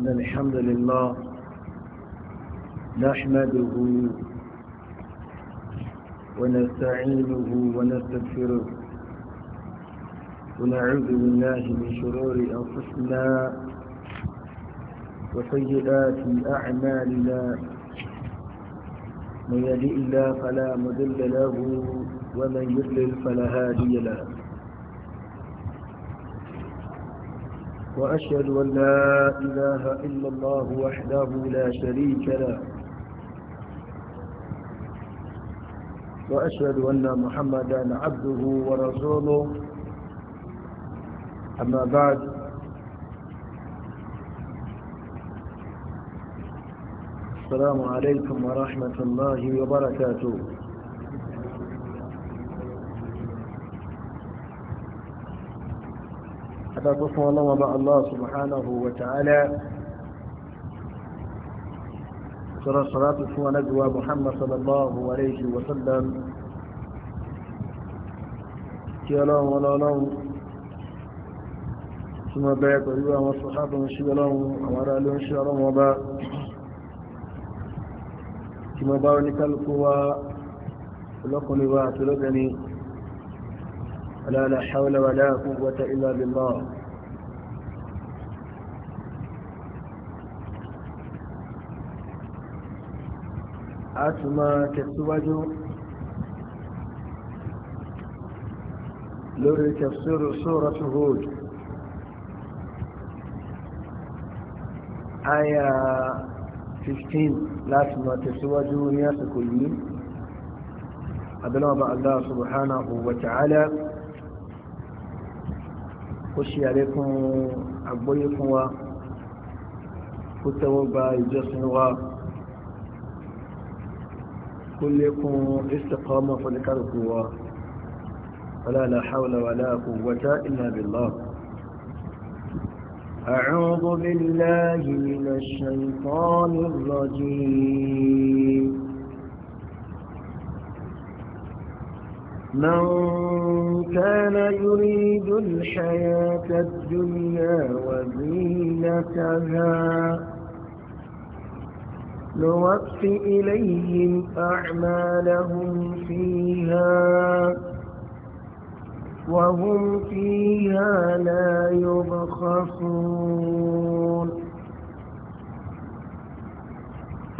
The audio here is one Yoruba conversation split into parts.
إن الحمد لله نحمده ونستعينه ونستغفره ونعوذ بالله من شرور أنفسنا وسيئات أعمالنا من يهدئ الله فلا مذل له ومن يضلل فلا هادي له وأشهد أن لا إله إلا الله وحده لا شريك له وأشهد أن محمدا عبده ورسوله أما بعد السلام عليكم ورحمة الله وبركاته àtàkó fún ọlọ́wọ́ bá Allah subhanahu wa ta'ala Sura salatu tó fún ọlọ́gbẹ̀wà Muhammad sallallahu alaihi wa sallam kí ọlọ́run ọlọ́run tí mo bẹ̀rẹ̀ pẹ̀lú àwọn sọ̀hábà ń ṣe ọlọ́run àwọn ará ló ń ṣe ọlọ́run ọba tí mo bá oníkálukú wa wa àti لا لا حول ولا قوة إلا بالله أتما تسوج لوري تفسير سورة هود آية 15 لازم تسوج نياسك اليمين أبنى الله سبحانه وتعالى kó ṣe àlékún àgbóyé fún wa kó tẹ́wọ́ gba ìjọsìn wa kó lékún istiqama fọ́lẹ́kàrùkù wa wala la hawla wala quwwata illa billah أعوذ بالله من الشيطان الرجيم من كان يريد الحياة الدنيا وزينتها نوف إليهم أعمالهم فيها وهم فيها لا يبخسون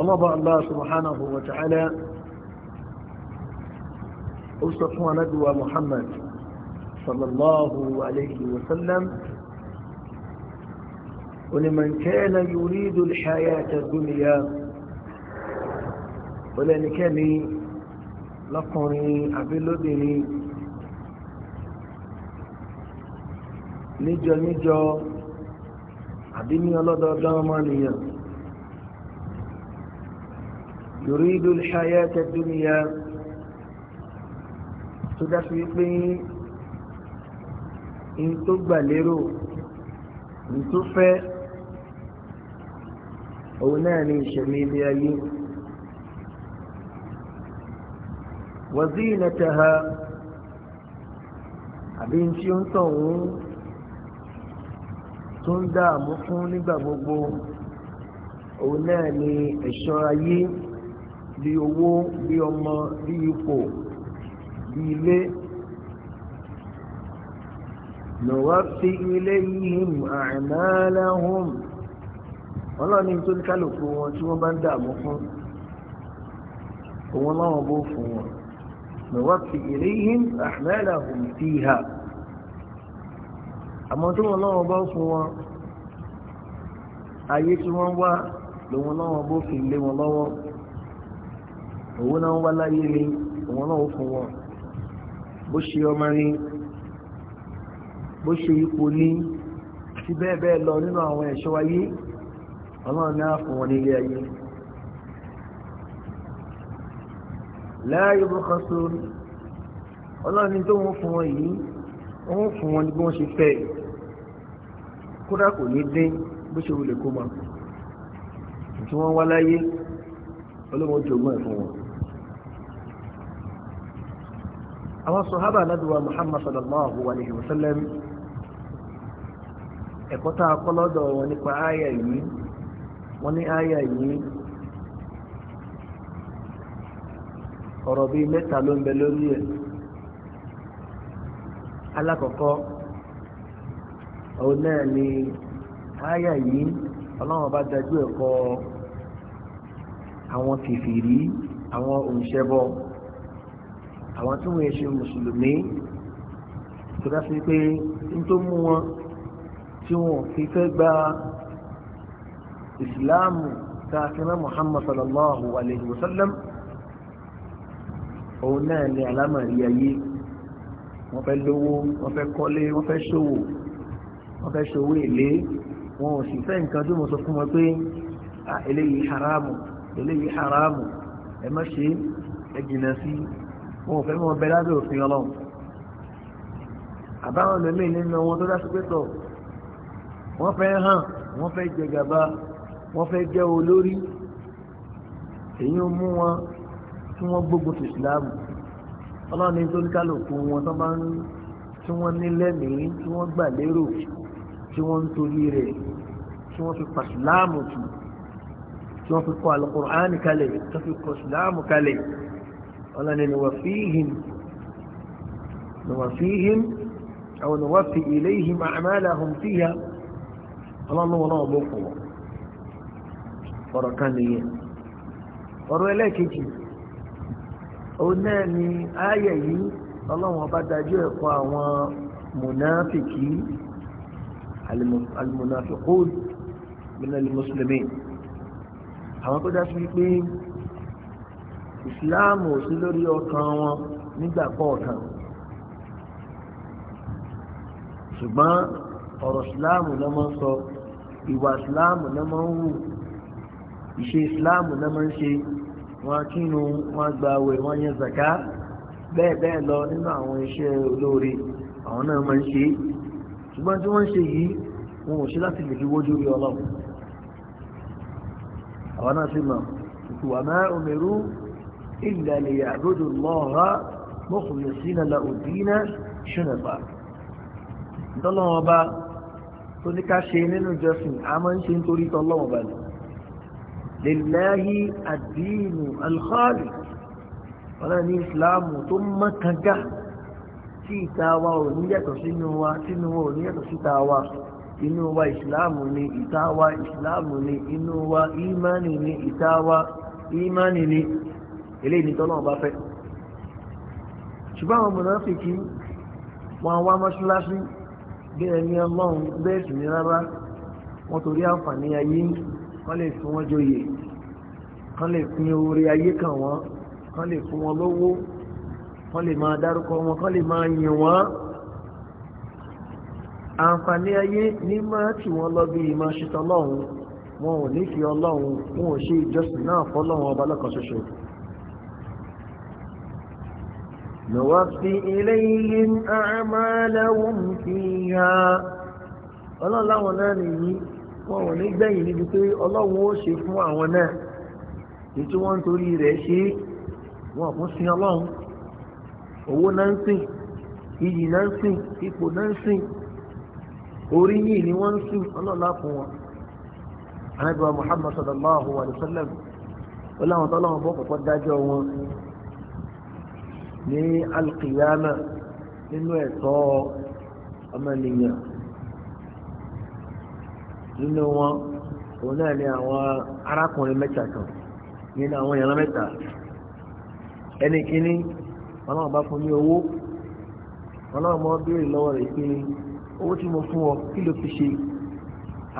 الله الله سبحانه وتعالى أسف وندوى محمد صلى الله عليه وسلم ولمن كان يريد الحياة الدنيا ولن كني لقني أبلو ديني نجو نجو أبني الله دعماني يريد الحياة الدنيا tó dáṣe wípé in tó gbà lérò in tó fẹ́ òun náà ni ìṣẹ̀mí ilé ayé wazinataha àbí tí ó ń tàn òun tó ń dààmú fún nígbà gbogbo òun náà ni ẹ̀ṣọ́ ayé bí owó bí ọmọ bí ipò sí ilé nuwaffi ilayhim a'malahum ọlọ́ni tó ní kálukú wọn tí wọ́n bá ń dààmú fún òun láwọn bó fún wọn nuwaffi ilayhim a'malahum fiha àmọ́ tí wọ́n láwọn bá fún wọn ayé tí wọ́n wá lòun láwọn bó fi lé wọn lọ́wọ́ òun náà wá láyé ni òun náà fún wọn bó ṣe ọmọ rí bó ṣe ipò ní àti bẹ́ẹ̀ bẹ́ẹ̀ lọ nínú àwọn ẹ̀ṣọ́ ayé ọlọ́run náà fún wọn nílé ayé láàyè bọ́kọ́ so ọlọ́run ní tó wọ́n fún wọn yìí wọ́n fún wọn ní bí wọ́n ṣe fẹ́ kódà kò ní dín bó ṣe wulẹ̀ kó mọ̀ tí wọ́n wá láyé ọlọ́run ó jogún ẹ̀ fún wọn. àwọn sọ̀hábà lọ́dọ̀wà muhammad sallallahu alayhi wa sallam ẹ̀kọ́ tá a kọ́ lọ́dọ̀ wọn nípa àyà yìí wọ́n ní àyà yìí ọ̀rọ̀ bíi mẹ́ta ló ń bẹ lórí ẹ̀ alákọ̀ọ́kọ́ òun náà ni àyà yìí ọlọ́run bá dájú ẹ̀kọ́ àwọn kìfìrí àwọn òǹṣẹ́bọ àwọn tí wọ́n yẹ ṣe mùsùlùmí tó dá sí pé n tó mú wọn tí wọ́n fi fẹ́ gba ìsìláàmù tá a fi rán Muhammad sallallahu alayhi wa sallam òun náà ni alámàrí ayé wọ́n fẹ́ lówó wọ́n fẹ́ kọ́lé wọ́n fẹ́ ṣòwò wọ́n fẹ́ ṣòwò èlé wọn ò sì fẹ́ nǹkan tó mọ̀ sọ fún wọn pé eléyìí haramu eléyìí haramu ẹ má ṣe ẹ jìnnà sí i wọn ò fẹ́ mọ́ bẹ lábẹ́ òfin ọlọ́run àbáwọn lèmi nínú wọn tó dáṣe pé tọ̀ wọ́n fẹ́ hàn wọ́n fẹ́ jẹ gàba wọ́n fẹ́ jẹ́ olórí èyí ń mú wọn tí wọ́n gbógun ti ìsìláàmù ọlọ́run ní tóníkàlùkù wọn tó máa ń tí wọ́n ní lẹ́mìí tí wọ́n gbà lérò tí wọ́n ń torí rẹ̀ tí wọ́n fi pa ìsìláàmù tù tí wọ́n fi kọ́ àlùkùránì kalẹ̀ tó fi kọ́ ìsìláàmù kalẹ̀ ọlọ́ni ni wọ́n fi him ni wọ́n fi him àwọn ni wọ́n fi ilé him àmàlà hùn fi ya ọlọ́ni wọn náà bó fún wọn ọ̀rọ̀ kan nìyẹn ọ̀rọ̀ ẹlẹ́ẹ̀kejì òun náà ni ayẹ̀ yìí ọlọ́run ọba dájú ẹ̀kọ́ àwọn mùnáfìkì alìmùnáfìkù min almuslimin àwọn tó dá sí wípé ìsìláàmù ò sí lórí ọkàn wọn nígbà kọ̀ọ̀kan ṣùgbọ́n ọ̀rọ̀ ìsìláàmù náà máa ń sọ ìwà ìsìláàmù náà máa ń wù ìṣe ìsìláàmù náà máa ń ṣe wọn kírun wọn gbààwẹ̀ wọn yẹn zàká bẹ́ẹ̀ bẹ́ẹ̀ lọ nínú àwọn iṣẹ́ olóore àwọn náà máa ń ṣe ṣùgbọ́n tí wọ́n ń ṣe yìí wọn ò ṣe láti lè fi wójú rí ọlọ́run àwọn náà sì mọ̀ ìkùwà máa ń mẹ́rú إلا ليعبدوا الله مخلصين له الدين شنبا tọ́lọ́wọ́ bá tó ní ká ṣe nínú ìjọsìn a máa ń ṣe nítorí tọ́lọ́wọ́ bá lè lèláyé àdínù alkhali wọ́n ní ìsìláàmù tó mọ́kànjá tí ìta wa ò ní yàtọ̀ sínú wa sínú wa ò ní yàtọ̀ síta wa inú wa ìsìláàmù ni ìta wa ìsìláàmù ni inú wa ìmánì ni ìta wa ìmánì ni eléyìí ni tọ́lọ́wọ́n bá fẹ́ ṣùgbọ́n àwọn mùnáfíkì wọn wá mọ́ṣáláṣí bí ẹni ọlọ́run bẹ́ẹ̀ sì ní rárá wọn torí àǹfààní ayé kán lè fún wọn joyè kán lè fún orí ayé kàn wọ́n kán lè fún wọn lówó kán lè máa dárúkọ wọn kán lè máa yìn wọ́n àǹfààní ayé ní máa tì wọ́n lọ bí ìmọ̀ ṣetán lọ́hùn wọn ò ní fi ọlọ́run wọn ò ṣe ìjọsìn náà fọ́lọ́run ọba lọ́kan ṣoṣo نوفي إليهم أعمالهم فيها الله لا náà nìyí wọn ò ní gbẹ̀yìn níbi pé ọlọ́run ó ṣe fún àwọn náà èyí tí wọ́n ń torí rẹ̀ ṣe wọn ò fún sin ọlọ́run owó náà ń sìn iyì náà ń sìn ipò náà ń sìn orí yìí ni wọ́n ń sìn ọlọ́run láà wọn. àyẹ̀bọ̀ Muhammad sallallahu alayhi wa sallam ó tọ́lọ́run bọ́ kọ́kọ́ dájọ́ wọn. ní alkiyama nínú ẹ̀tọ́ ọmọnìyàn nínú wọn òun náà ni àwọn arákùnrin mẹ́ta kan nínú àwọn ìran mẹ́ta ẹni kíní ọlọ́run bá fún ní owó ọlọ́run mọ́ béèrè lọ́wọ́ rẹ̀ pé owó tí mo fún ọ kí ló fi ṣe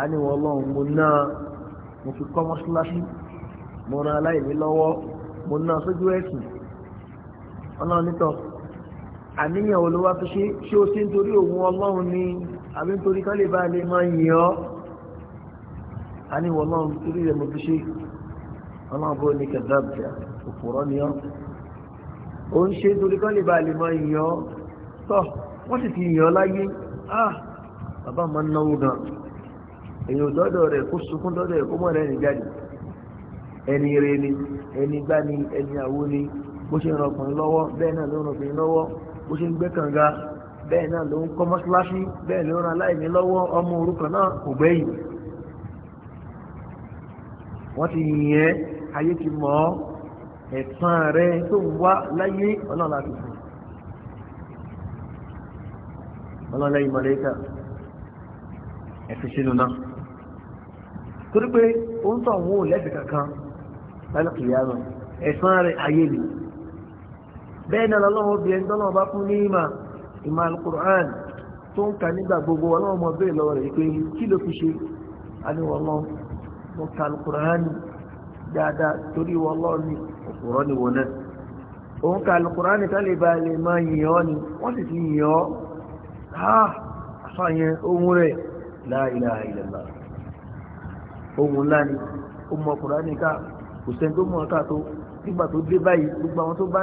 a ní wọn mo ná mo fi kọ́ mọ́ṣáláṣí mo ran aláìní lọ́wọ́ mo ná sójú ẹ̀sìn ọlọ́run nítọ̀ àníyàn olówá fi ṣe ṣé o ṣe nítorí òun ọlọ́run ni àbí nítorí kán lè bá lè máa yìn ọ́ àníwọ̀ ọlọ́run torí rẹ̀ mo fi ṣe ọlọ́run bó ní kẹ̀dáàbìà òpòrọ́ ni ọ́ o ń ṣe nítorí kán lè bá lè máa yìn ọ́ tọ́ wọ́n sì ti yìn ọ́ láyé ah, bàbá máa ń náwó gan èyí dọ́dọ̀ rẹ̀ kó sunkún dọ́dọ̀ rẹ̀ kó mọ̀ rẹ̀ nìjáde ẹni rẹ̀ ni ẹni gbá ni ẹni àwo ni bó ṣe ń ran ọkùnrin lọ́wọ́ bẹ́ẹ̀ náà ló ń ran obìnrin lọ́wọ́ bó ṣe ń gbé kànga bẹ́ẹ̀ náà ló ń kọ́ mọ́ṣáláṣí bẹ́ẹ̀ ló ń ran aláìní lọ́wọ́ ọmọ òrukàn náà kò gbẹ́yìn wọ́n ti yìn ẹ́ ayé ti mọ̀ ọ́ ẹ̀tàn rẹ tó ń wá láyé ọlọ́run láti fún ọlọ́run lẹ́yìn mọ̀lẹ́kà ẹ̀fẹ́ sínú náà torí pé ó ń tọ̀ wọ́n lẹ́sẹ̀ kankan lálẹ́ kìlíà náà rẹ ayé nìyí. bẹ́ẹ̀ náà lọ́wọ́ obìnrin tó náà bá fún ní ìmà ìmà alukur'an tó ń ka nígbà gbogbo ọlọ́wọ́ ọmọ bẹ́ẹ̀ lọ́wọ́ rẹ̀ pé kí ló fi ṣe aníwọ̀lọ́ mo ka alukur'an dáadáa torí wọ́lọ́ ni òpùrọ́ ni wọ́n náà òun ka alukur'an lè máa yìn ọ́ ni wọ́n sì ti yìn ọ́ àfààyàn ohun rẹ̀ la ilaha ohun ńlá ni ó mọ ká kò sẹ́ni tó nígbà tó dé báyìí gbogbo àwọn tó bá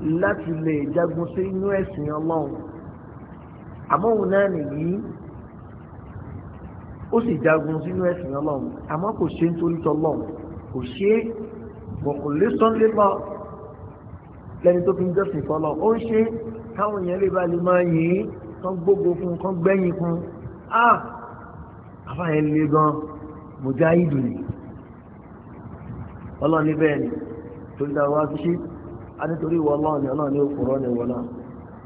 láti lè jagun sí inú ẹ̀sìn ọlọ́run àmọ́ òun náà nìyí ó sì jagun sínú ẹ̀sìn ọlọ́run àmọ́ kò ṣe nítorí tọlọ́run kò ṣe mọ̀kànlélọ́sán lébọ̀ lẹ́ni tó fi ń jọ́sìn fọlọ́ ó ń ṣe káwọn èèyàn lè ba lè máa yìn kán gbógo fún kán gbẹ́yìn fún a ah! àbá yẹn le gan mùjáhídù ni ọlọ́run ní bẹ́ẹ̀ ni tó ń wá sí ṣe a nítorí ìwọ ọlọ́run ni ọlọ́run ní òkúrọ́ ni ìwọ náà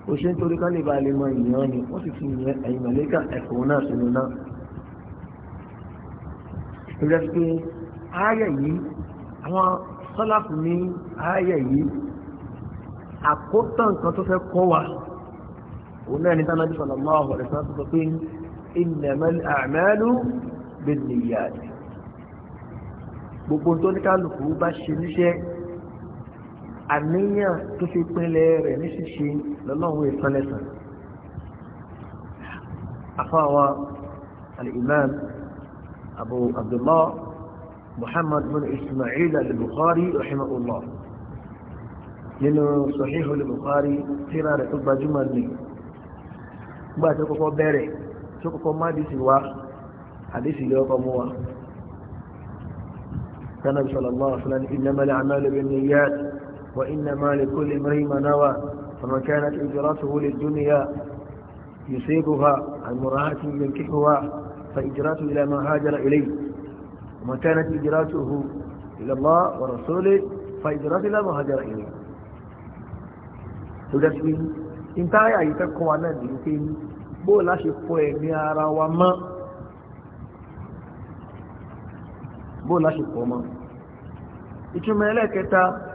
ó ṣe ń torí ká lè ba lè mọ ìyàn ni wọ́n sì fi ìyẹn ẹ̀yìn mọ̀lẹ́kà ẹ̀kọ́ náà sínú náà. ìrẹ́ pé ààyè yìí àwọn sọ́láfù ní ààyè yìí àkótán nǹkan tó fẹ́ kọ́ wa òun náà ní tánà jùlọ máa wọ̀ rẹ̀ sáà sọ pé innamal a'malu bin niyyat gbogbo tó bá ṣe níṣẹ́ àníyàn tó fi pinlẹ̀ rẹ̀ ní ṣíṣe lọ́lọ́run ìsanlẹ̀sàn afáwa al-imam abu abdullah muhammad bin ismail al-bukhari rahimahullah nínú sọ̀híhù al-bukhari tíra rẹ̀ tó gbajúmọ̀ ní gbà tó kọ́kọ́ bẹ̀rẹ̀ tó kọ́kọ́ má dì sí wa àdìsí lọ́kọ́ mú wa كان صلى الله عليه وسلم انما الاعمال بالنيات وإنما لكل امرئ ما نوى فما كانت إجراته للدنيا يصيبها عن مراعاة ينكحها فإجراته إلى ما هاجر إليه وما كانت إجراته إلى الله ورسوله فإجراته إلى ما هاجر إليه tòdẹ́sí في táyà yìí kẹ́kọ̀ọ́ wa náà بولا شفوه ميارا وما بولا شفوه ما wa mọ́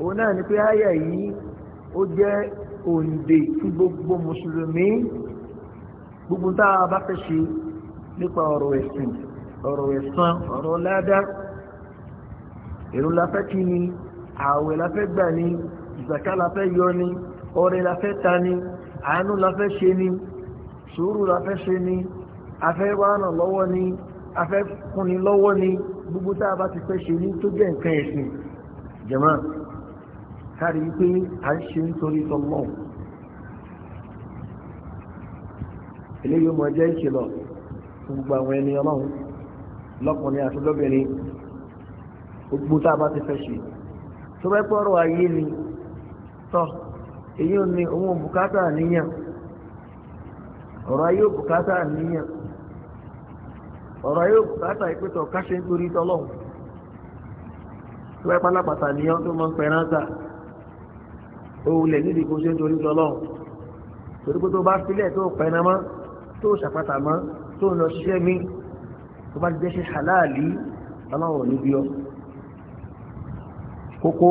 òun náà ni pé àyà yìí ó jẹ́ òǹdè fún gbogbo mùsùlùmí gbogbo tá a bá fẹ́ ṣe nípa ọ̀rọ̀ ẹ̀sìn ọ̀rọ̀ ẹ̀san ọ̀rọ̀ ládá èrò la fẹ́ kí ni ààwẹ̀ la fẹ́ gbà ni ìzàká la fẹ́ yọ ni ọrẹ la fẹ́ ta ni àánú la fẹ́ ṣe ni sùúrù la fẹ́ ṣe ni afẹ́ wánà lọ́wọ́ ni afẹ́ fúnni lọ́wọ́ ni gbogbo tá a bá ti fẹ́ ṣe ní tó jẹ́ nǹkan ẹ̀sìn jẹ̀mọ́ kárí pé à ń ṣe nítorí tọ́lọ́ eléyìí ó mọ jẹ́ ìṣèlọ fún gbogbo àwọn ẹni ọlọ́run lọ́kùnrin àti lóbìnrin gbogbo tá a bá ti fẹ́ ṣe tó bá pẹ́ ọ̀rọ̀ ayé ni tọ́ èyí ò ní òun bùkátà níyàn ọ̀rọ̀ ayé ò bùkátà níyàn ọ̀rọ̀ ayé ò bùkátà ìpẹ́tọ̀ káṣe nítorí tọ́lọ́run tó bá pẹ́ níyàn tó máa ń pẹ́ rántà òwúlẹ̀ nídìí kó ṣe ń torí lọ́lọ́run torí pé tó bá sílẹ̀ tó pẹ̀nà mọ́ tó ṣàpàtà mọ́ tó ń lọ ṣiṣẹ́ mi tó bá ti jẹ́ ṣe halali ọlọ́run níbi ọ. kókó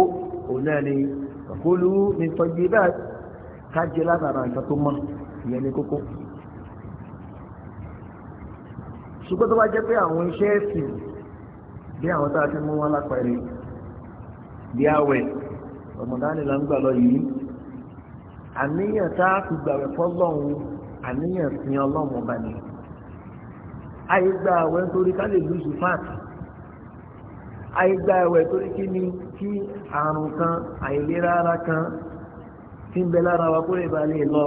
òun náà ni kólú ní tọ́jú ibà ká látara nǹkan tó mọ̀ ìyẹn ni kókó. ṣùgbọ́n tó bá jẹ́ pé àwọn iṣẹ́ ẹ̀sìn bí àwọn tá a ti mú wọn lápẹ̀rẹ̀ bí àwẹ̀ ọmọdáni là ń gbà lọ yìí àníyàn tá a fi gbàgbẹ́ fọ́lọ́hún àníyàn sin ọlọ́run ọba ni àyè gba àwẹ̀ nítorí ká lè lùsù fáàtì àyè gba àwẹ̀ torí kí ni kí àrùn kan àìlera ara kan tí ń bẹ lára wa kó lè ba lè lọ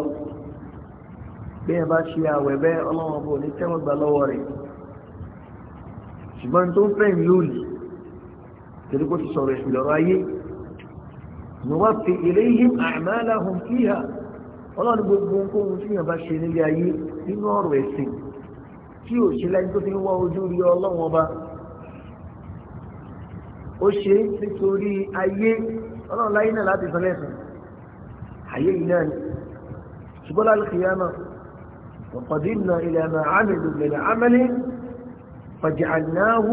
bí ẹ bá ṣe àwẹ̀ bẹ́ẹ̀ ọlọ́run ọba ní tẹ́wọ́ gbà lọ́wọ́ rẹ̀ ṣùgbọ́n tó ń fẹ́ ìlú òlì torí kó ti sọ̀rọ̀ ìṣòro ayé nuwaffi ilayhim a'malahum fiha ọlọ́run gbogbo ohunkóhun tí yàn bá ṣe nílé ayé nínú ọ̀rọ̀ ẹ̀sìn tí ò ṣe láyé tó fi ń wá ojú rí ọlọ́run ọba ó ṣe nítorí ayé ọlọ́run láyé náà láti san lẹ́sìn ayé yìí náà ni ṣùgbọ́n lálùkìyàmà وقدمنا إلى ما عملوا من عمل فجعلناه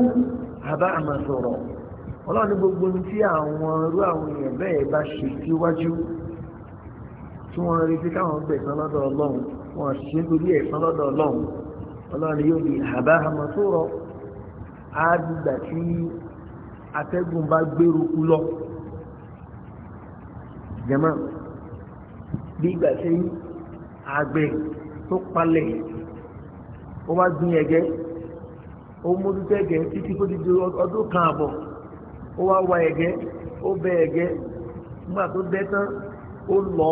هباء منثورا ọlọ́run ní gbogbo ní tí àwọn irú àwọn èèyàn bẹ́ẹ̀ bá ṣe síwájú tí wọ́n rí sí káwọn gbẹ̀san lọ́dọ̀ ọlọ́run wọ́n ṣe lórí ẹ̀san lọ́dọ̀ ọlọ́run ọlọ́run yóò di àbá àmọ́ tó rọ àádìgbà tí atẹ́gùn bá gbèrú kú lọ jẹ́mọ́ bí ìgbà tí àgbẹ̀ tó palẹ̀ ó wá gbin ẹ̀gẹ́ ó mójútó ẹ̀gẹ́ títí kó ti di ọdún kan àbọ̀ ó wá wa ẹ̀gẹ́ ó bẹ ẹ̀gẹ́ nígbà tó bẹ́ tán ó lọ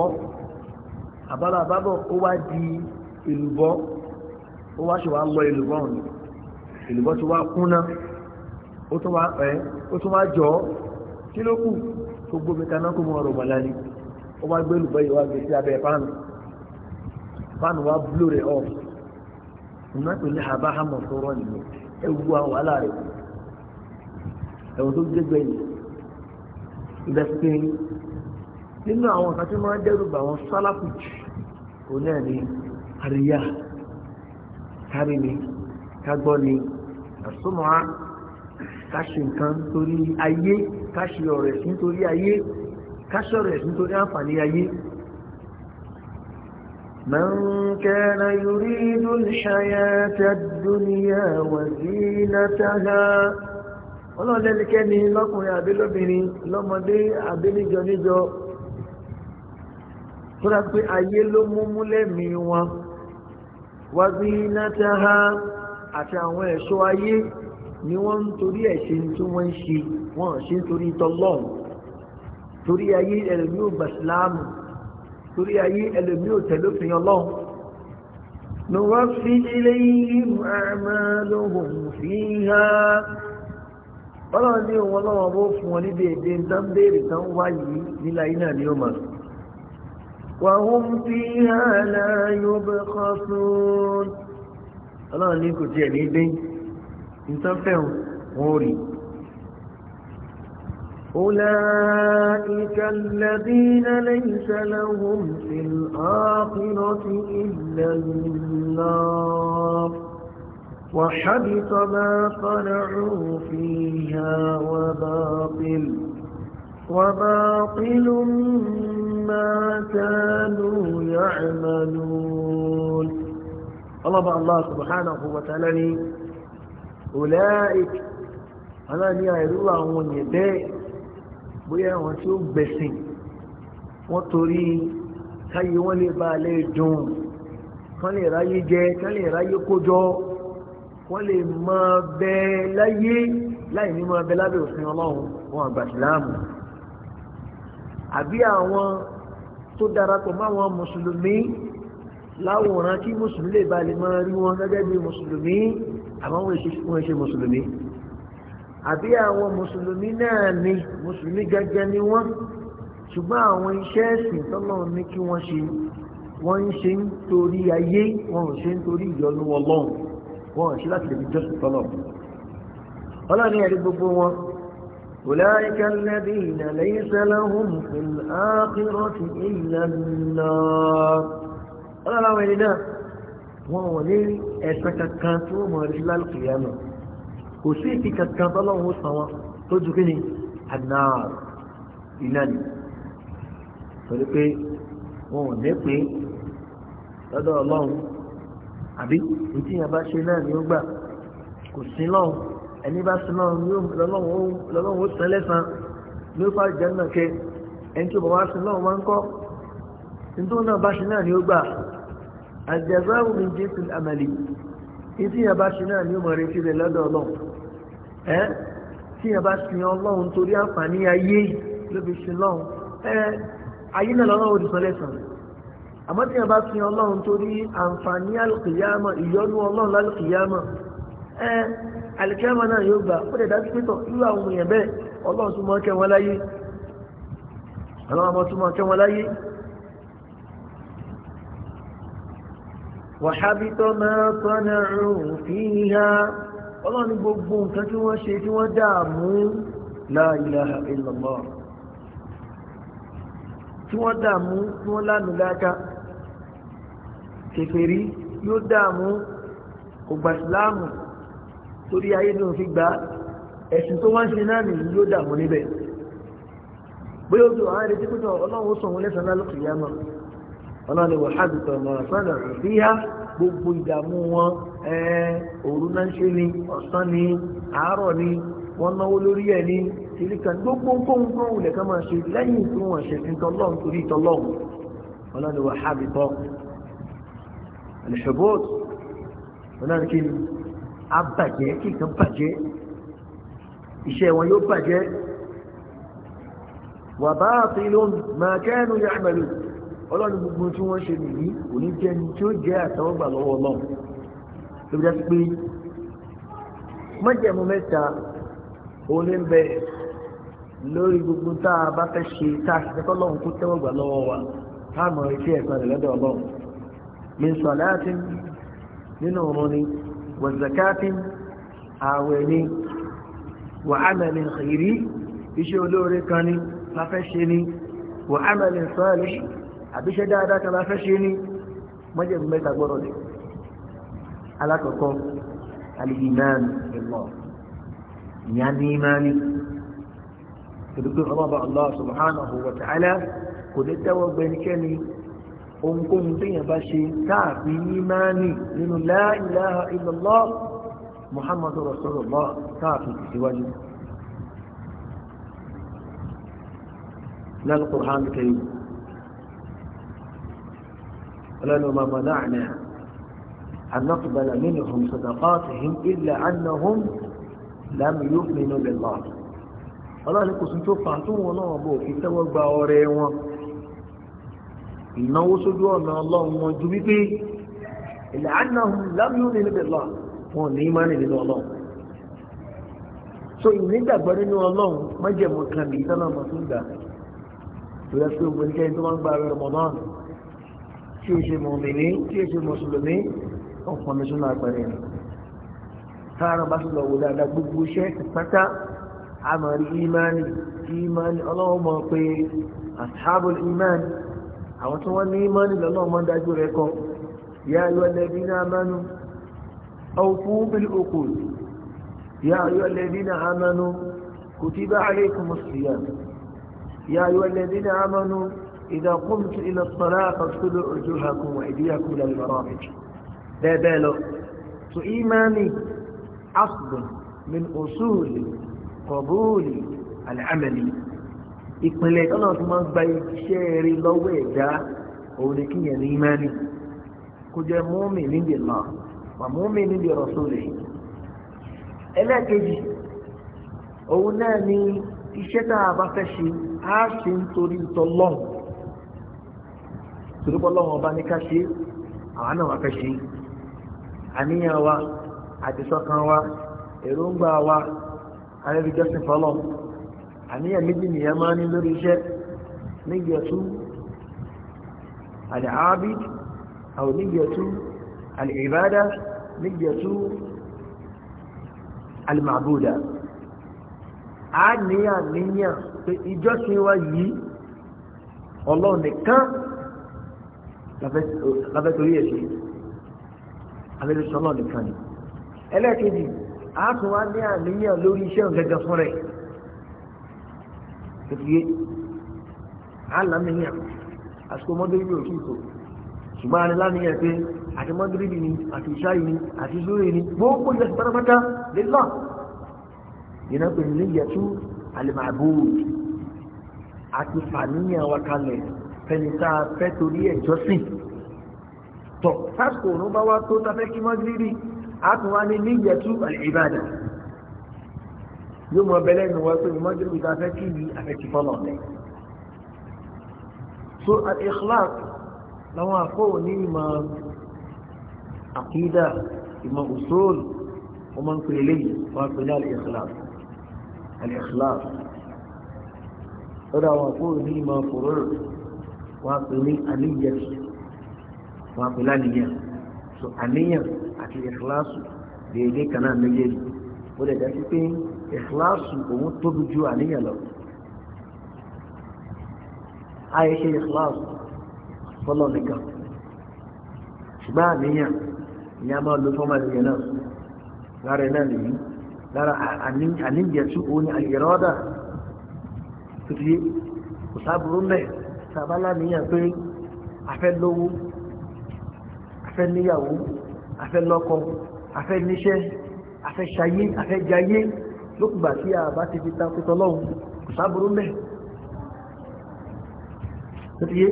àbálà àbábọ̀ ó wá di èlùbọ́ ó wá ṣe wá lọ èlùbọ́ ọ̀nà èlùbọ́ ti wá kúnná ó tún wá ẹ̀ ó tún wá jọ kí ló kù tó kaná kó mọ ni ó wá gbé yìí ẹ̀wọ̀n tó gbégbé yìí ibẹ̀ pé nínú àwọn kan tí wọ́n máa ń dẹ́rù bá wọn sálàkù jù òun náà ni àríyá kárí ni kágbọ́ ni àsomọ́ ká ṣe nǹkan torí ayé ká ṣe ọ̀rọ̀ ẹ̀sìn torí ayé ká ṣe ọ̀rọ̀ ẹ̀sìn torí àǹfààní ayé. من كان يريد الحياة الدنيا وزينتها ọlọ́run lẹ́nikẹ́ni lọ́kùnrin àbí lóbìnrin lọ́mọdé àbí níjọ níjọ tó dá pé ayé ló mú múlẹ̀mí wọn wá sí nátáhá àti àwọn ẹ̀ṣọ́ ayé ni wọ́n ń torí ẹ̀ṣẹ̀ tí wọ́n ń ṣe wọ́n ṣe ń torí tọlọ́run torí ayé ẹlòmí ò gbàsílámù torí ayé ẹlòmí ò tẹ̀lófin ọlọ́run نوفي إليهم أعمالهم فيها ọlọ́run ní òun ọlọ́run bó fún wọn níbi èdè tán béèrè tán wá yìí nílà yìí náà ni ó mà wà hún fi hàlà yóò bẹ kọ́ sún ọlọ́run ní kò tiẹ̀ ní dé nǹkan fẹ́hùn wọn ò rí أولئك الذين ليس لهم في الآخرة إلا النار وحبط ما صنعوا فيها وباطل وباطل ما كانوا يعملون الله الله سبحانه وتعالى أولئك أنا ní àìrú àwọn yẹn bẹ́ẹ̀ bóyá àwọn tí ó gbẹ̀sìn wọ́n torí káyé wọ́n lè ba lè dùn kán lè ráyé jẹ kán lè ráyé kójọ́ wọ́n lè máa bẹ láyé láì ní máa bẹ lábẹ́ òfin ọlọ́run wọn àgbà ìsìláàmù àbí àwọn tó darapọ̀ máwọn mùsùlùmí láwòrán kí mùsùlùmí lè ba lè máa rí wọn gẹ́gẹ́ bí mùsùlùmí àmọ́ wọ́n ṣe mùsùlùmí àbí àwọn mùsùlùmí náà ni mùsùlùmí gẹ́gẹ́ ni wọ́n ṣùgbọ́n àwọn iṣẹ́ ẹ̀sìn tọ́lọ́run ní kí wọ́n ṣe wọ́n ń ṣe nítorí ayé wọn ò ṣe nítorí ìyọnu ọlọ́run wọn ṣe láti lè fi jọ́sìn tọ́lọ̀ ọlọ́ni ẹ̀rí gbogbo wọn أولئك الذين ليس لهم في الآخرة إلا النار ألا لا ولنا wọ́n ní ẹ̀sẹ̀ kankan tí wọ́n mọ̀ rí lálùkìyàmù kò àbí ìtí yẹn bá ṣe náà ni ó gbà kò sí lọ́hùn ẹni bá sí náà ni lọ́lọ́hùn ó sàn lẹ́sàn ní ó fàájì jẹ́ náà kẹ ẹni tó bọ̀ wá sí lọ́hùn máa ń kọ́ nítorí náà bá ṣe náà ni ó gbà àjẹsáwò mi jẹ́ sí àmàlì ìtí yẹn bá ṣe náà ni ó mọ̀ retí rẹ̀ lọ́dọ̀ ọlọ́hùn ẹ́ tí yẹn bá sin ọlọ́hùn torí àǹfààní ayé ló fi sin lọ́hùn ẹ́ ayé náà lọ́lọ́hùn ó ti sàn lẹ́sàn àmọ́ tí yẹn bá fi ọlọ́run torí àǹfààní alùkìyàmọ̀ ìyọnu ọlọ́run lálùkìyàmọ̀ ẹ alùkìyàmọ̀ náà yóò gbà ó dẹ̀ dájú pẹ́tọ̀ irú àwọn èèyàn bẹ́ẹ̀ ọlọ́run tún máa kẹ́ wọn láyé ọlọ́run ọmọ tún máa kẹ́ wọn láyé. وحبط ما صنعوا فيها والله نقبون كتوا شيء وداموا لا إله إلا الله وداموا ولا ملاكا kèfèrí yóò dààmú kò gbà síláàmù torí ayé ní òfin gba ẹ̀sìn tó wá ń ṣe náà nìyí yóò dààmú níbẹ̀ bóyá ojú àwọn ẹ̀rẹ́ tí kúrò ọlọ́run ó sọ wọn lẹ́sàn lálùkù yá náà ọlọ́run ni wọ́n hàbí tọ̀nà ọ̀sán àti ìhá gbogbo ìdààmú wọn òru náà ń ṣe ni ọ̀sán ni àárọ̀ ni wọ́n náwó lórí ẹ̀ ni tìlíkà gbogbo nǹkan kan wulẹ̀ ká máa ṣe lẹ́yìn alhubud wọn náà kí ni a bàjẹ́ kí وباطل ما كانوا يعملون yóò bàjẹ́ wà bá àfihàn máa kẹ́ẹ̀nù yà àmàlù ọlọ́run gbogbo tí wọ́n ṣe nìyí kò ní jẹ́ ni tí ó jẹ́ àtọwọ́gbà lọ́wọ́ ọlọ́run tó bí pé mọ́jẹ̀mú mẹ́ta òun lórí gbogbo tá a bá fẹ́ ṣe tá a ṣe fẹ́ kọ́ kó tẹ́wọ́gbà lọ́wọ́ wa táàmù iṣẹ́ ẹ̀sán rẹ̀ lọ́dọ̀ ọlọ́run min salatin nínú ọ̀run ni wa zakatin ààwẹ̀ ni wa amalin khairi iṣẹ́ olóore kan ni láfẹ́ ṣe ni wa amalin salih àbíṣẹ́ dáadáa kan láfẹ́ ṣe ni mọ́jẹ̀ mẹ́ta gbọ́rọ̀ ni alákọ̀ọ́kọ́ al-iman ìyá ní ìmáni ohunkóhun téèyàn bá ṣe káàbí ìmáàní nínú la ilaha illallah muhammadu rasulullah káàbí ti síwájú. lẹ́nu qur'an kẹ́yìn lẹ́nu ma mana'na an naqbala minhum sadaqatihim illa annahum lam yu'minu billah. ọlọ́run kò sí ìnáwó sójú ọ̀nà ọlọ́run wọn ju wípé ìlà ànáhùn lámìún ní níbi lọ wọn ní ìmánì nínú ọlọ́run so ìnígbàgbọ́ nínú ọlọ́run májẹ̀mú kan nìyí tọ́lá ọmọ tó ń gbà tó yẹ pé ògbóni kẹ́ni tó máa ń gba ààrẹ Ramadan tí ó ṣe mọ̀mìnì tí ó ṣe mùsùlùmí ọ̀pọ̀ mi sún àpẹẹrẹ rẹ̀ táàrùn bá sì wò dáadáa gbogbo iṣẹ́ pátá àmọ̀rí ìmánì ìmánì ọlọ́run mọ̀ pé ashabul ìmánì àwọn tó wọ́n ní ìmọ́ni lọ́nà ọmọ dájú rẹ̀ kọ ya ayyuhalladhina amanu awfu bil-uqud ya ayyuhalladhina amanu kutiba alaykumus siyam ya ayyuhalladhina amanu idha qumtum ila as-salati faghsilu wujuhakum wa aydiyakum ila al-marafiq bẹ́ẹ̀ bẹ́ẹ̀ lọ tó ìmánì aslun min usuli ìpínlẹ̀ tọ́nà tó máa ń gba iṣẹ́ rí lọ́wọ́ ẹ̀dá òun ni ní imáni kó jẹ́ mọ́mì níbi Allah wà mọ́mì níbi ẹlẹ́ẹ̀kejì òun náà ni iṣẹ́ tá a bá fẹ́ ṣe á ṣe nítorí tọ́lọ́n torípọ́ lọ́wọ́ ọba ní ká ṣe àwọn náà awa fẹ́ ṣe àníyàn wa wa èròǹgbà wa àrẹ́bíjọ́sìn àníyàn méjì nìyẹn máa ní lórí iṣẹ́ níyẹ̀tú al-abid aw níyẹ̀tú al-ibada níyẹ̀tú al-ma'buda àníyàn níyàn pé ìjọsìn wa yìí ọlọ́run nìkan lábẹ́ torí ẹ̀ ṣe abẹ́rẹ́ sọ́lọ́ nìkan ni ẹlẹ́ẹ̀kejì a tún wá ní àníyàn lórí iṣẹ́ òǹgẹ́gẹ́ fún rẹ̀ kékeré alàmìyàn àsìkò mọ́gíríbì ò tíì tó ṣùgbọ́n alàmìyàn pé àti mọ́gíríbì ni àti ìṣáyì ni àti zúrì ni gbogbo ìyẹn pátápátá lélọ́ yìí náà pè ní yẹtú àlèmàbòrò àti fàníyàn wa kalẹ̀ fẹni tá a fẹ́ torí ẹ̀ jọ́sìn tọ̀ sásìkò òun bá wá tó tá a fẹ́ kí mọ́gíríbì a tún wá ní níyẹtú àlè ìbàdàn yóò mọ ọbẹ̀ lẹ́nu wọ́n pé mọ́jọ́ bí ká fẹ́ kí yìí àfẹ́kí fọ́nà ọ̀lẹ́. so al-ikhlas làwọn àkọ́wò ní ìmọ̀ àkídà ìmọ̀ usul wọ́n máa ń pè léyìí wọ́n pè ní al-ikhlas al-ikhlas lọ́dọ̀ àwọn àkọ́wò ní ìmọ̀ fòrò wọ́n pè ní àníyàn wọ́n pè lánìyàn so àníyàn àti ikhlasu déédéé kan náà méjèèjì ó lè dá sí pé ìkíláàsù òun tóbi ju àníyàn lọ àìṣe ìkíláàsù fọlọ́ nìkan ṣùgbọ́n àníyàn ni a máa lo fọ́mà ìyẹn náà lára ẹ̀ náà nìyí lára àníyàn tí òun ni àyẹ̀rọ́dà tó ti yé kò sábúrú mẹ́ sábàlá níyàn pé afẹ́ lówó afẹ́ níyàwó afẹ́ lọ́kọ afẹ́ níṣẹ́ afẹ́ ṣayé afẹ́ jayé lókùgbà tí a bá ti fi ta kótó lọ́hùn kò sábúrú mẹ́ tẹ́tíyé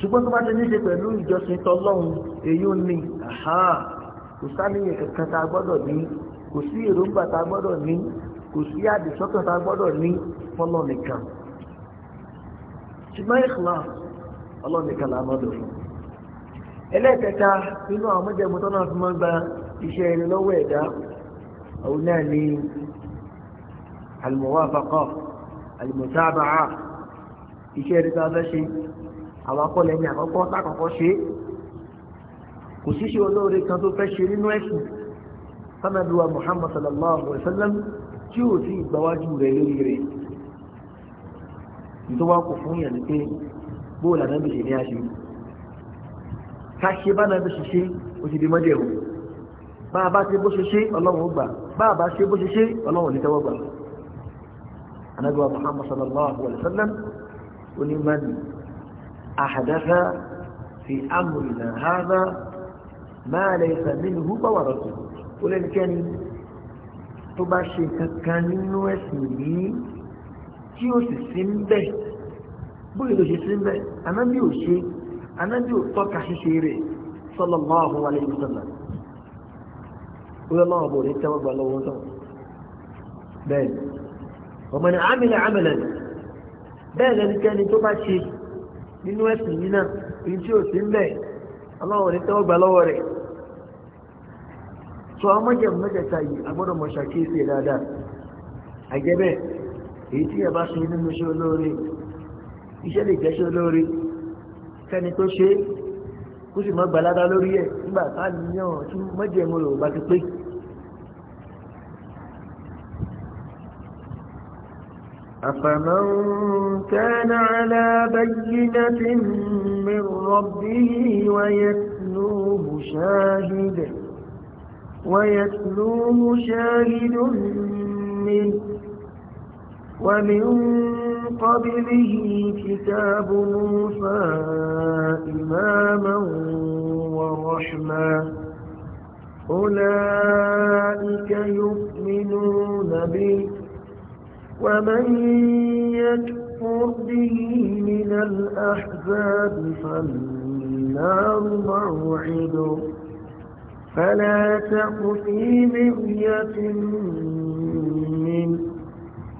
ṣùgbọ́n tó bá ti ní ṣe pẹ̀lú ìjọsìn tọ́lọ́hùn èyí ò ní kò sáníyàn kankan tá a gbọ́dọ̀ ní kò sí èròǹgbà tá a gbọ́dọ̀ ní kò sí àdìsọ́kàn tá a gbọ́dọ̀ ní fọ́lọ́ nìkan ṣùgbọ́n ìkìlá ọlọ́run nìkan là á mọ́ lò fún ẹlẹ́ẹ̀kẹta nínú àwọn mọ́jẹ̀mú tó náà fi máa ń gba iṣẹ́ ẹni lọ́wọ́ ẹ̀dá òun náà ni àlùmọ̀wáfàkọ́ àlùmọ̀tábàá iṣẹ́ rí tá a fẹ́ ṣe àwọn akọ́lẹ̀ ní àkọ́kọ́ lákọ̀ọ́kọ́ ṣe é kò síṣe olóore kan tó fẹ́ ṣe nínú ẹ̀sìn sanaduwa muhammad sallallahu alaihi wa sallam tí ò sí ìgbáwájú rẹ̀ lórí rẹ̀ tó wá kò fún yàn ní pé bóòlù ànábìṣe ní àṣẹ ká ṣe bá ànábìṣe ṣe ó ti di mọ́jẹ̀wò bá a bá ṣe bó ṣe ṣe ọlọ́run ó gbà bá a bá ṣe bó ṣe ṣe ọlọ́run ò ní tẹ́wọ́ gbà anagba muhammad sallallahu alaihi wasallam oni man ahdatha fi amrina hadha ma laysa minhu bawaratu ole nkeni tó bá ṣe kankan nínú ẹ̀sìn yìí tí ó sì sí ń bẹ̀ bóyá ló ṣe sí ń bẹ̀ anábì ò ṣe anábì ò tọ́ka ṣíṣe rẹ̀ sallallahu alaihi wasallam wíwọ́n náà bò ní tẹ́wọ́n gbà lọ́wọ́ náà bẹ́ẹ̀ ọmọ ní àmìlẹ̀ àmìlẹ̀ bẹ́ẹ̀ lẹ́nikẹ́ni tó bá ṣe nínú ẹ̀sìn yìí náà èyí tí ò sí ń bẹ̀ ní gbà lọ́wọ́ rẹ̀ sọ mẹ́tẹ̀ẹ̀ta yìí agbọ́dọ̀ mọ̀ ṣàkíyèsí dáadáa èyí tí bá ṣe nínú iṣẹ́ olóore iṣẹ́ lè jẹ́ṣẹ́ olóore kẹ́ni tó ṣe kó sì mọ́ lórí ẹ̀ nígbà táà tí mọ́jẹ̀ mo bá ti pé أفمن كان على بينة من ربه ويتلوه شاهد ويتلوه شاهد منه ومن قبله كتاب موسى إماما ورحمة أولئك يؤمنون به ومن يكفر به من الأحزاب فالنار موعد فلا تق في مرية منه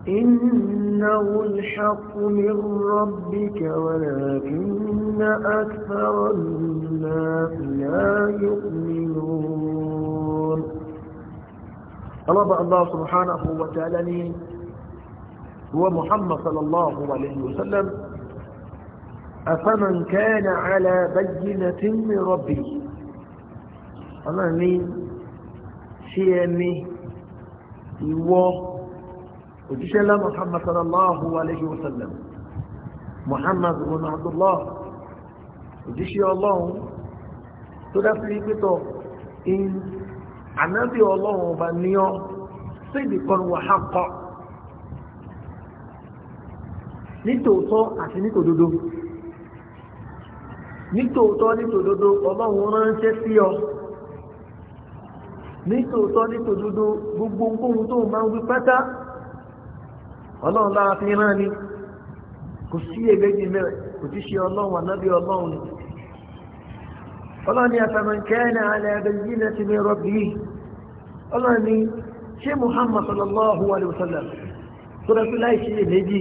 إنه الحق من ربك ولكن أكثر الناس لا يؤمنون الله سبحانه وتعالى هو محمد صلى الله عليه وسلم أفمن كان على بينة من ربي الله مين شيئني يوه وجيش محمد صلى الله عليه وسلم محمد بن عبد الله وجيش الله تدفع بيته إن عنابي الله وبنيه صدقا وحقا nítòótọ́ àti nítòdodo nítòótọ́ nítòdodo ọlọ́run ránṣẹ́ sí ọ nítòótọ́ nítòdodo gbogbo ohun tó máa ń wí pátá ọlọ́run lára fi rán ni kò sí èméjì mẹ́rẹ̀ kò tí ṣe ọlọ́run ọlọ́run ni ọlọ́run ni àfẹ́mọ̀kẹ́ni alẹ́ abẹ́yí ti mi rọ́bì yìí ọlọ́run ni ṣé Muhammad sallallahu alayhi tó dá sí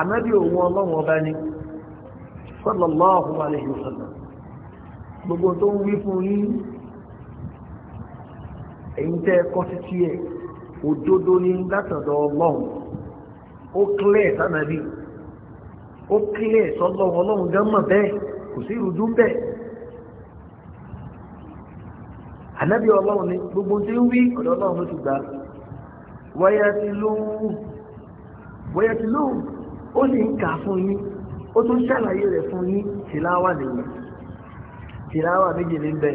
ànábì òun ọlọ́run ọba ni sallallahu alaihi wasallam gbogbo tó ń wí fún yín ẹ̀yin tẹ́ kọ́ títí ẹ̀ òdodo ní látọ̀dọ̀ ọlọ́run ó kílẹ̀ sànàbí ó kílẹ̀ sọ́lọ́ ọlọ́run gan mọ̀ bẹ́ẹ̀ kò sí ìrújú bẹ́ẹ̀ ànábì ọlọ́run ni gbogbo tí ń wí ọ̀dọ̀ ọlọ́run ló ti gbà wáyà ti lóhùn wáyà ti lóhùn ó sì ń kà fún yín ó tún ṣàlàyé rẹ̀ fún yín tìláwà nìyẹn tìláwà méjì ní bẹ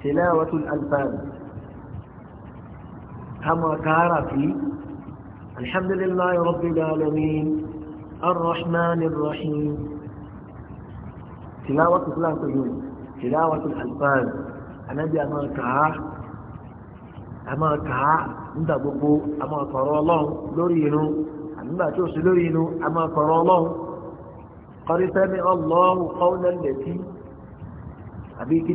tìláwà tún alfààní ká máa kára fi alhamdulillahi rabbil alamin arrahmanir rahim tìláwà tún láǹkó yìí tìláwà tún alfààní anábì a máa kàá a máa kàá nígbà gbogbo a máa sọ̀rọ̀ ọlọ́run lórí irun àmìgbà tó sí lórí inú a máa fọ̀rọ̀ ọlọ́run kọrìsẹ́mi ọlọ́run kọ́ọ̀lẹ́ lẹ́tí àbí kí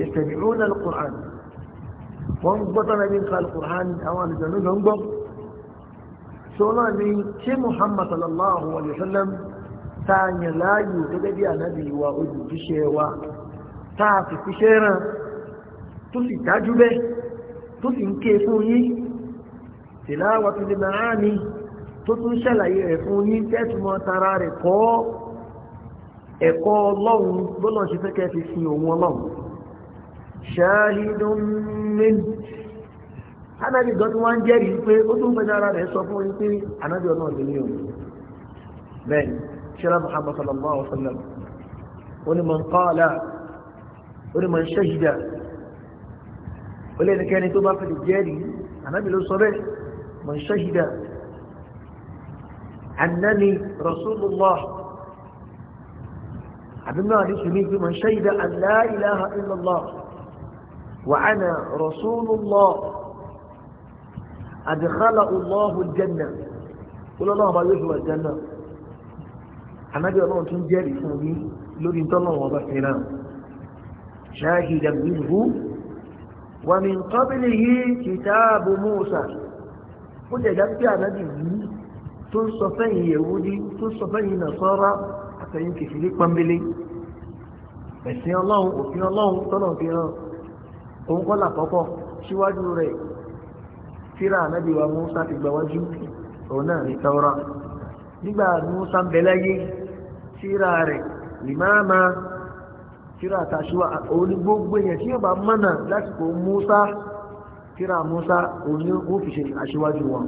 يستمعون القرآن وانبطنا منك القرآن أوان جنود انبط سولاني كي محمد صلى الله عليه وسلم تاني لا يوجد بي نبي وأجو تشيوا تعطي تشيرا تسي تاجبه تسي انكيفوني tìláwàtú lè máa ní tó tún ṣàlàyé rẹ̀ fún yín tẹ́tùmọ̀ tara rẹ̀ kọ́ ẹ̀kọ́ ọlọ́run lọ́nà ṣe fẹ́kẹ́ fi sin òun ọlọ́run ṣáàlìdún mẹ́lì anábì gan tí wọ́n ń jẹ́rìí pé ó tún fẹ́ dára rẹ̀ sọ fún yín pé anábì ọlọ́run lè ní òun bẹ́ẹ̀ ni muhammad sallallahu alaihi wa sallam ó ní mọ̀ ń kọ́ ó ní mọ̀ ń ṣẹ́yìdà ó lé nìkẹ́ni tó bá fẹ́ jẹ́rìí anábì ló sọ bẹ́ẹ̀ من شهد أنني رسول الله عبدنا عليه السلام من شهد أن لا إله إلا الله وأنا رسول الله أدخل الله الجنة قل الله ما يجوى الجنة حمد الله أنتم جاري سامي انت الله وبحنا شاهدا منه ومن قبله كتاب موسى ó lè dá pé ànábì yìí tó ń sọ fẹ́yìn yẹ̀wúdí tó ń sọ fẹ́yìn nàṣọ́ra àtẹ̀yìn kìfìlì pọ́nbélé ẹ̀sìn ọlọ́run òfin ọlọ́run tọ́nà fi hàn òun kọ́ làkọ́kọ́ síwájú rẹ̀ tíra ànábì wa Musa ti gbà wájú òun náà ní tọ́ra nígbà Musa ń bẹ láyé tíra rẹ̀ lìmáàmá tíra àtàṣíwá òun ni gbogbo èèyàn tí yóò bá mọ̀nà lásìkò Musa tíra musa òní ó fi ṣe aṣíwájú wọn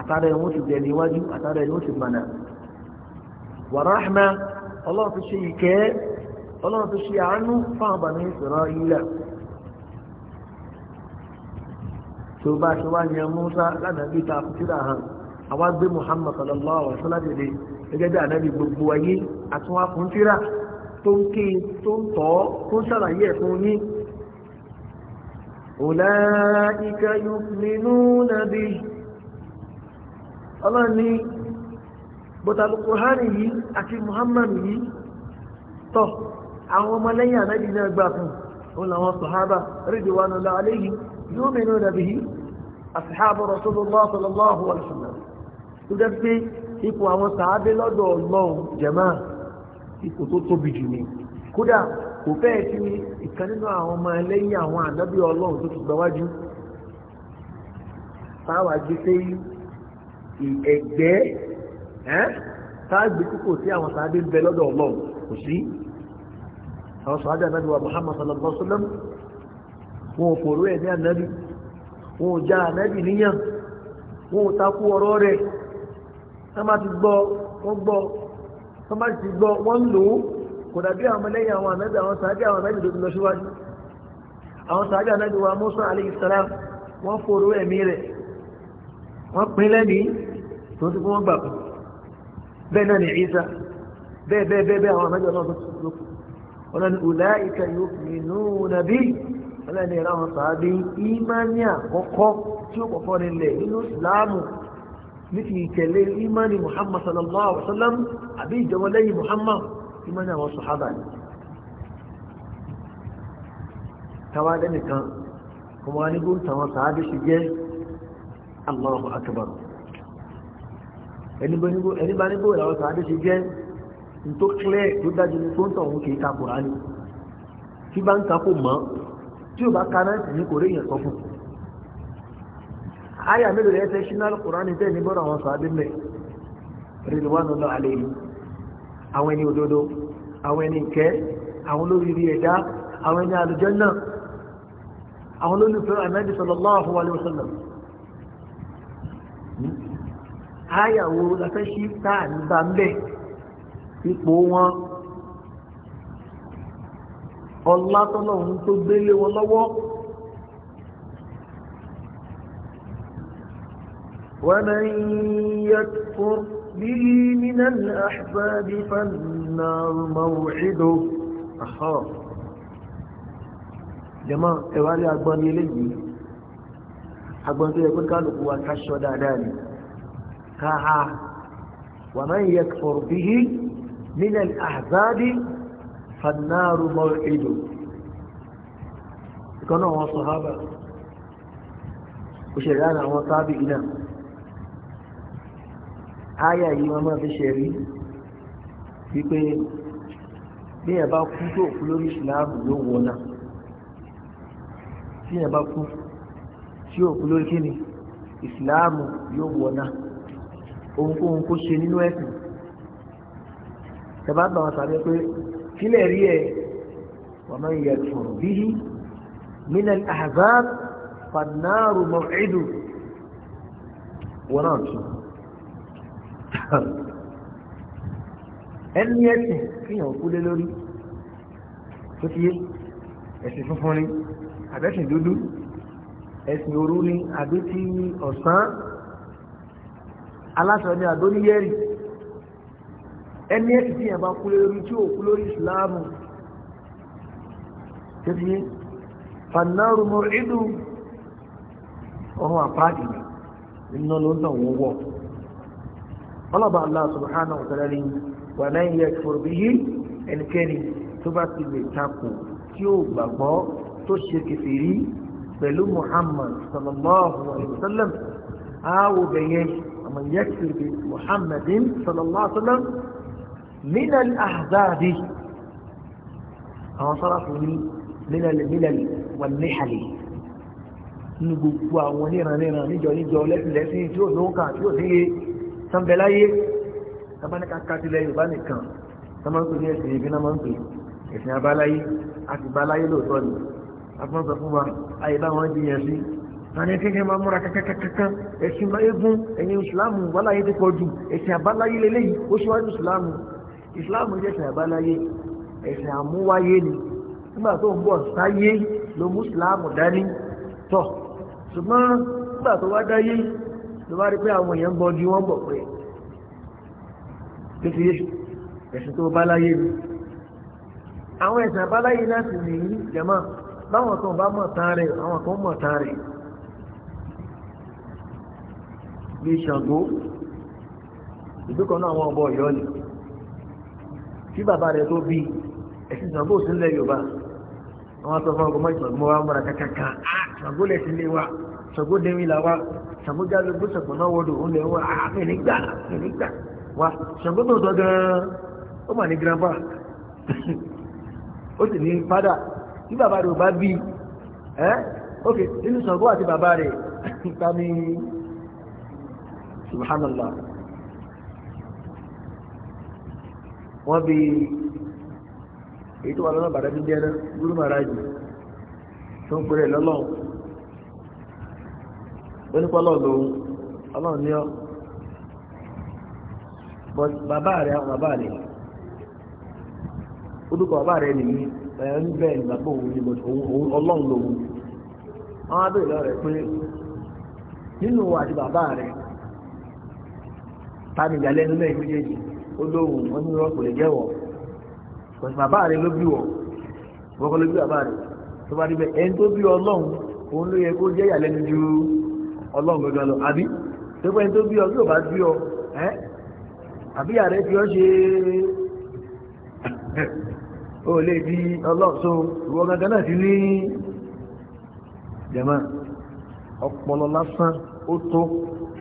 àtàrà ẹ̀ wọ́n ti dẹ̀ níwájú àtàrà ẹ̀ wọ́n ti mọ̀nà wàràhánà ọlọ́run fi ṣe ìkẹ́ ọlọ́run fi ṣe àánú fáwọn bàmí ìṣòro ilẹ̀ tó bá ṣe wá yẹn musa lánàá bí ta fi tíra hàn àwa gbé muhammad sallallahu alaihi wa sallam gẹ́gẹ́ bí ànábì gbogbo ayé àtúnwá fún tíra tó ń ké tó ń tọ́ tó ń ṣàlàyé ẹ̀ fún yín أولئك يؤمنون به ọlọ́run ni bọ́tà Al-Qur'ani yìí àti Muhammad yìí tọ́ àwọn ọmọlẹ́yìn ànábì náà gbà fún òun làwọn sàhábà ridwanullahi alayhim yu'minuna bihi ashabu Rasulullah sallallahu kò fẹ́ẹ̀ sí ìkan nínú àwọn ọmọ ẹlẹ́yìn àwọn ànábì ọlọ́run tó ti gbáwájú táwa gbé sí ẹgbẹ́ táàgbé kúkò sí àwọn sàádé ń bẹ lọ́dọ̀ ọlọ́run kò sí àwọn sàádé ànábì wa Muhammad sallallahu alaihi wa sallam wọn ò fòrò ẹ̀ ní ànábì wọn ò já ànábì níyàn wọn ò takú ọ̀rọ̀ ti gbọ́ wọ́n gbọ́ ti gbọ́ wọ́n kò dàbí àwọn ọmọlẹ́yìn àwọn ànábì àwọn sàábì àwọn ànábì tó ti lọ síwájú àwọn sàábì ànábì wa Musa alayhi salam wọ́n forú ẹ̀mí rẹ̀ wọ́n pín lẹ́ni tó ti fún wọn gbà kù bẹ́ẹ̀ náà ni Isa bẹ́ẹ̀ bẹ́ẹ̀ bẹ́ẹ̀ bẹ́ẹ̀ àwọn ànábì ọlọ́run tó ti lókù ọlọ́ni ulaika yu'minuna bi ọlọ́ni ẹ̀rọ àwọn sàábì ìmánì àkọ́kọ́ tí ó kọ́kọ́ nílẹ̀ nínú ìsìláàmù ní ìtẹ̀lé ìmánì Muhammad sallallahu alaihi wasallam àbí ìjọwọ́lẹ́yìn Muhammad ìmọ̀nà àwọn sọ̀hábà ni táwa lẹ́nìkan kò wá nígbó tàwọn sàábì sì jẹ́ Allahu akbar ẹni bá nígbó làwọn sàábì sì jẹ́ tó kílẹ̀ tó dájú ní tó ń tọ̀ òun kì í ka Kùránì tí bá ń ka kò mọ́ tí ò bá ka náà sì ní kò réyìn ẹ̀kọ́ fún un mélòó rẹ̀ ṣe ṣínà Kùránì tẹ́ ní bọ́ra àwọn sàábì mẹ́ ridwanullahi alayhi àwọn ẹni òdodo àwọn ẹni ìkẹ́ àwọn olóríire ẹ̀dá àwọn ẹni àlùjánnà àwọn olólùfẹ́ ànábì sallallahu alaihi wasallam àyàwó lafẹ́ṣí táà nígbà ń bẹ̀ ipò wọn ọlá tọ́lọ́run tó gbélé wọn lọ́wọ́ ومن به من الأحباب فالنار موعده أخاف جماعة إيوالي أقبان يلي أقبان يقول كانوا هو كشو داداني كاها ومن يكفر به من الأحزاب فالنار موعده كانوا هو صحابة وشيئان هو صحابي áyà yìí wọ́n máa fi ṣe rí wípé bí ẹ̀ bá kú tó kú lórí ìsìláàmù ló wọ̀ náà tí ẹ̀ bá kú tí ò kú lórí kíni ìsìláàmù yóò wọ̀ náà ohunkóhun kó ṣe nínú ẹ̀sìn tẹ̀bá bá wọn sàbẹ̀ pé kílẹ̀ rí ẹ̀ wọ́n máa yẹ tòrò bíi minal ahzab fannaru maw'idu wọ́n náà tún ẹni ẹsìn kíyàn kú lé lórí tó ti yé ẹsìn funfun ni àbẹ́sìn dúdú ẹsìn òru ni àbí ti ọ̀sán aláṣọ ni àdó níyẹ́rì ẹni ẹsìn kíyàn bá kú lé lórí tí ò kú lórí ìsìláàmù tó ti yé fanáàrùmọ̀ ìdù ọ̀hún àpáàdì iná ló ń tàn wọ́n wọ̀. طلب الله سبحانه وتعالى ومن يكفر به ان كان تبات بالتاكو تيو بابا تشرك فيه بلو محمد صلى الله عليه وسلم او بيه ومن يكفر بمحمد صلى الله عليه وسلم من الاحزاب هو صرف من الملل والنحل ni gbogbo àwọn ní ìrànlẹ́ràn níjọ níjọ lẹ́sìn lẹ́sìn tí ó ní ó kà tí ó sí lè sanbẹ̀láyé tabaníkà kásílẹ̀ yorùbá nìkan tọ́mọ́tò ní ẹ̀sìn ìbí náà máa ń pè ẹ̀sìn abáláyé àti báláyé lóòótọ́ ni afọ́nsọ fún wa ayé báwọn di yẹn sí tani kékeré máa múra kankankankan ẹ̀sìn eégún ẹ̀yìn ìsìláàmù wàláyé ti pọ̀ jù ẹ̀sìn abáláyé lélẹ́yìí ó ṣíwájú ìsìláàmù ìsìláàmù jẹ́ ẹ̀sìn àbáláyé ẹ̀sìn àmúwáyé ni nígbà tó ń bọ̀ sáyé ló mú ìsìláàmù dání tọ̀ ṣùgbọ́n nígbà tó wá dáyé ló bá rí pé àwọn èèyàn ń bọ ju wọn bọ̀ pé títí ẹ̀sùn tó bá láyé ni àwọn ẹ̀sìn àbáláyé láti nìyí jẹ̀mọ́ báwọn kan bá mọ̀ tán rẹ̀ àwọn kan mọ̀ tán rẹ̀ bí Ṣàngó ìdúkọ̀ náà àwọn ọbọ̀ Ọ̀yọ́ ni tí bàbá rẹ̀ tó bí ẹ̀sìn Ṣàngó sí ilẹ̀ Yorùbá àwọn atọ́fọ́ ọgbọ̀n mọ́ ìṣàngó wa mọ́ra kàkàkà ah, Ṣàngó lẹ́sìn lé wa Ṣàngó dẹ́wìn là wa ṣàmójá ló gbé ṣàgbọ́n náà wọ́dọ̀ òun lè wọ́n àmì ah, nígbà àmì nígbà wa ṣàgbọ́n tó dọ́ gan-an ó mà ní grandpa ó sì ní fada tí bàbá rẹ̀ ò bá bí ẹ́ ok nínú ṣàgbọ́n àti bàbá rẹ̀ ta ni subhanallah wọ́n bí èyí tó wà lọ́nà bàdá bí jẹ́ náà gúrú màrájì tó ń pèrè lọ́lọ́run onípọ́lọ́ lòun but àti bàbá rẹ̀ ta ni ìyàlẹ́nu méjèèjì ó ní lè jẹ́wọ̀ bàbá rẹ̀ ló bí wọ̀ wọ́n kọ́ ló bí bàbá rẹ̀ tó bá ẹni tó bí ọlọ́run òun ló yẹ kó jẹ́ ọlọ́run gbẹgbẹ lọ àbí pépé tó bí ọ yóò bá bí ọ ẹ àbí ààrẹ fi ọ ṣe ó lè di ọlọ́ọ̀ṣọ́ ìwọ gangan náà ti ní jẹ̀mọ́ ọpọlọ lásán ó tó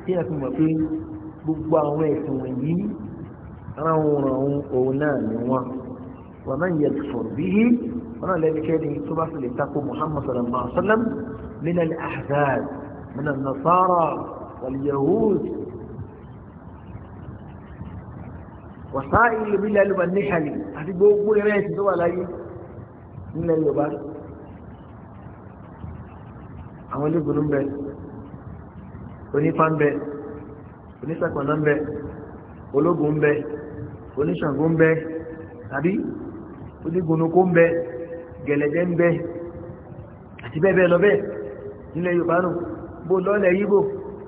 kí ẹ fi mọ̀ pé gbogbo àwọn ẹ̀sìn wọ̀nyí ara wọn ràn òun náà ni wọn wọn náà yẹ fọ̀rọ̀ bí i wọn náà lẹ́nikẹ́ni tó bá fi lè takò Muhammad sallam nínú àhàzáàdì. من النصارى واليهود وسائل البلاد والنحل هذه بقول ما يسدوا علي من اللباس àwọn olóògùn ń bẹ onífá ń bẹ onísàkànnà ń bẹ ológun ń bẹ oníṣàngó ń bẹ tàbí onígunukó ń bẹ gẹ̀lẹ̀dẹ́ ń bẹ àti bẹ́ẹ̀ bẹ́ẹ̀ lọ bẹ́ẹ̀ nílẹ̀ Yorùbá náà bó lọ́lẹ̀ yíbò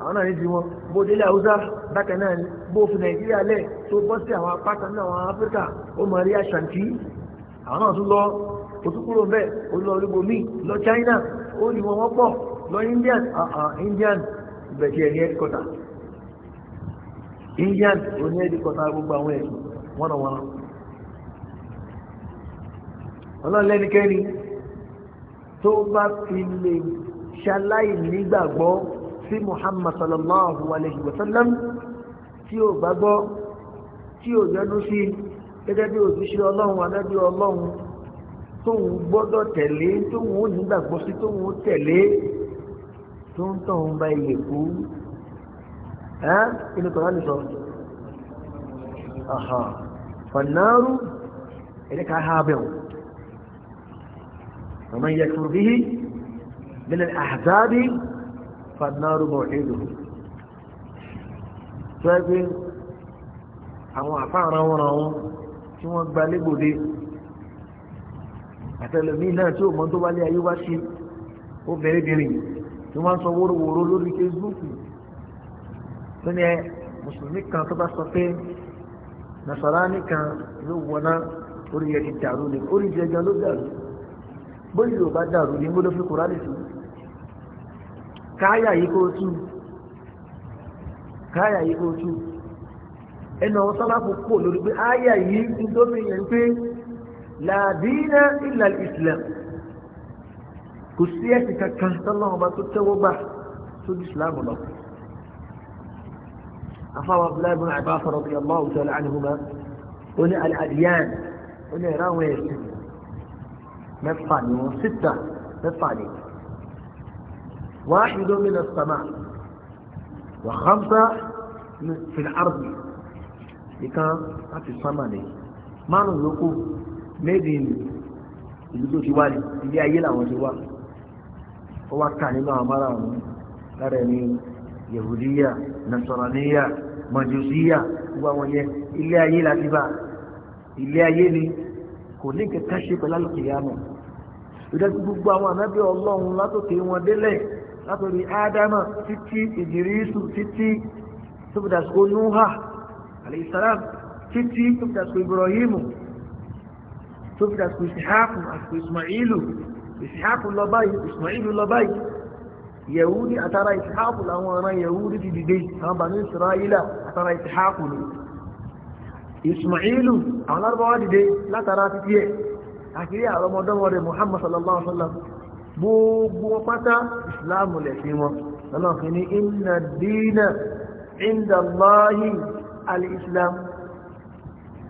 àwọn náà ní ti wọn bó délé náà bó fi nàìjíríà lẹ̀ tó bọ́ sí àwọn àwọn áfíríkà ó mọ rí àwọn náà tún lọ òtúkúrò ó China ó ní wọn wọ́pọ̀ lọ Indian Indian gbogbo àwọn ẹ̀sùn wọ́n wọ́n tó bá fi lè ṣaláì nígbàgbọ́ sí muhammad sallallahu alayhi wa sallam tí ó gbàgbọ́ tí ó yọ́nú sí gẹ́gẹ́ bí òṣìṣẹ́ ọlọ́run anábí ọlọ́run tóun gbọ́dọ̀ tẹ̀lé tóun ó nígbàgbọ́ sí tóun ó tẹ̀lé tó ń tàn ń ba ilé kú ẹ́ kí ni kọ́ra nìsọ fanaru ẹ̀dẹ́ka ha bẹ̀rù ọmọ ìyẹ̀kùrù bíi من الأحزاب فالنار موحده فاجي àwọn àfáàrà wọn àwọn tí wọ́n gba légbòde àtẹlẹmí náà tí òmọ tó bá lé ayé wá ṣe ó bẹ̀rẹ̀ bẹ̀rẹ̀ tí wọ́n sọ wóróworó lórí Facebook tó ní ẹ mùsùlùmí kan tó bá sọ pé nasara nìkan ló wọná orí ẹ ti dàrú ni orí ìjẹjẹ ló dàrú bóyá ò bá dàrú ni mo ló fi Kùránì sí káyà yìí kó tú káyà yìí kó tú ẹnu àwọn sọ́láfù kò lórí pé áyà yìí ti tó fi yẹn pé làdínà ìlà ìsìlẹ̀ kò sí ẹ̀sìn kankan sọ́láwọn ọba tó tẹ́wọ́ gbà tó di islam lọ. afáwọn abdullahi bin Abbas radiyallahu ta'ala anhuma ó ní al-adyan ó ní ẹ̀rọ ẹ̀sìn mẹ́fà ni wọ́n síta mẹ́fà ni واحد من السماء وخمسة في الأرض ìkan láti sánmà ní márùn lókù méjì ní ìlú tó ti wá ní ilé ayé làwọn ti wá ó wá kà nínú àwọn mara wọn lára ẹni yahudiya nasaraniya majusiya gbogbo àwọn yẹn ilé ayé láti bá ilé ayé ni kò ní kẹta ṣe pẹ̀lú àlùkìyàmọ ìdájú gbogbo àwọn ànábì Ọlọ́run látòkè wọn délẹ̀ látòrí ádámà títí ìdírísù títí tó fi dàsìkò núhà aleyhisselam títí tó fi dàsìkò ibrahimu tó fi dàsìkò ìsìháàkù àsìkò ismailu ìsìháàkù lọ báyìí ismailu lọ báyìí yahudi àtàrà ìsìháàkù làwọn ará yahudi ti dìde àwọn bàmí israẹlà àtàrà ìsìháàkù ni ismailu àwọn lárúbáwá dìde látara títí ẹ àkírí àwọn ọmọdọ́mọ rẹ muhammad sallallahu alaihi wa sallam gbogbo pátá ìsìláàmù lẹ̀sìn wọn ọlọ́fin ní inna dínà inda Allahi al-islam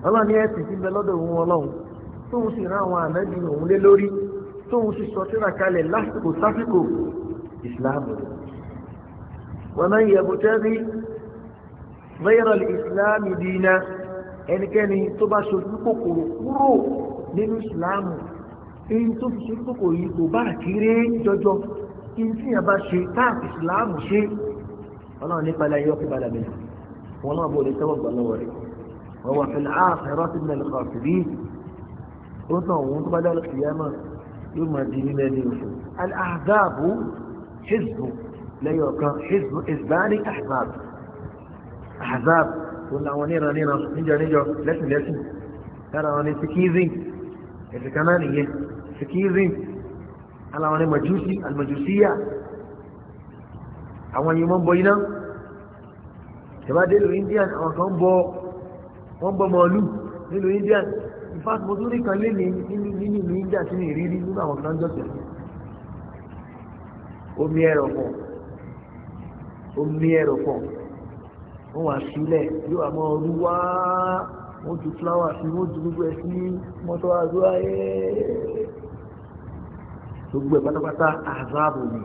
ọlọ́run ní ẹ̀sìn tí ń bẹ lọ́dọ̀ òun ọlọ́run tóun sì rán àwọn ànábì òun lé lórí tóun sì sọ síra kalẹ̀ lásìkò sásìkò ìsìláàmù wa man yabtaghi ghayra al-islam dínà ẹnikẹ́ni tó bá ṣojú kòkòrò kúrò nínú ìsìláàmù èyí tó fi ṣe kókò yìí kò bá kéré jọjọ kí n tíyàn bá ṣe káàkì ìsìláàmù ṣe ọlọ́run nípa ilé ayé ọ̀kúbalà mi wọn náà bọ̀ lè tẹ́wọ̀ gbà lọ́wọ́ rẹ̀ wọ́n wà fẹ́lẹ́ àfẹ́rọ́ sí ilẹ̀ lọ́kọ̀ síbí ó tàn òun tó bá dá lọ́kì yá náà yóò máa di nílẹ̀ ní oṣù al-ahzabu lẹ́yìn ọ̀kan hizbu hizbani ahzab ahzab òun làwọn níran níran níjọ níjọ lẹ́sìn lẹ́sìn lára wọn ni sikizin ẹ̀sìn kan náà nìyẹn sikizim aláwọn ní majusi almajusiya àwọn yìí wọ́n bọ iná ìbá dé ìlú indian àwọn kan bọ wọ́n bọ màálù nílùú indian in fact mo tún rí kan lé ní nínú ìlú indian sínú ìrírí nínú àwọn kan jọ̀tẹ̀ omi ẹ̀rọ pọ̀ omi ẹ̀rọ pọ̀ wọ́n wà sílẹ̀ yóò àmọ́ ọdún wáá wọ́n ju fúláwà sí wọ́n ju gbogbo ẹ̀ sí mọ́tò àdúrà yẹ́ gbogbo ẹ̀ pátápátá àzáàbò ni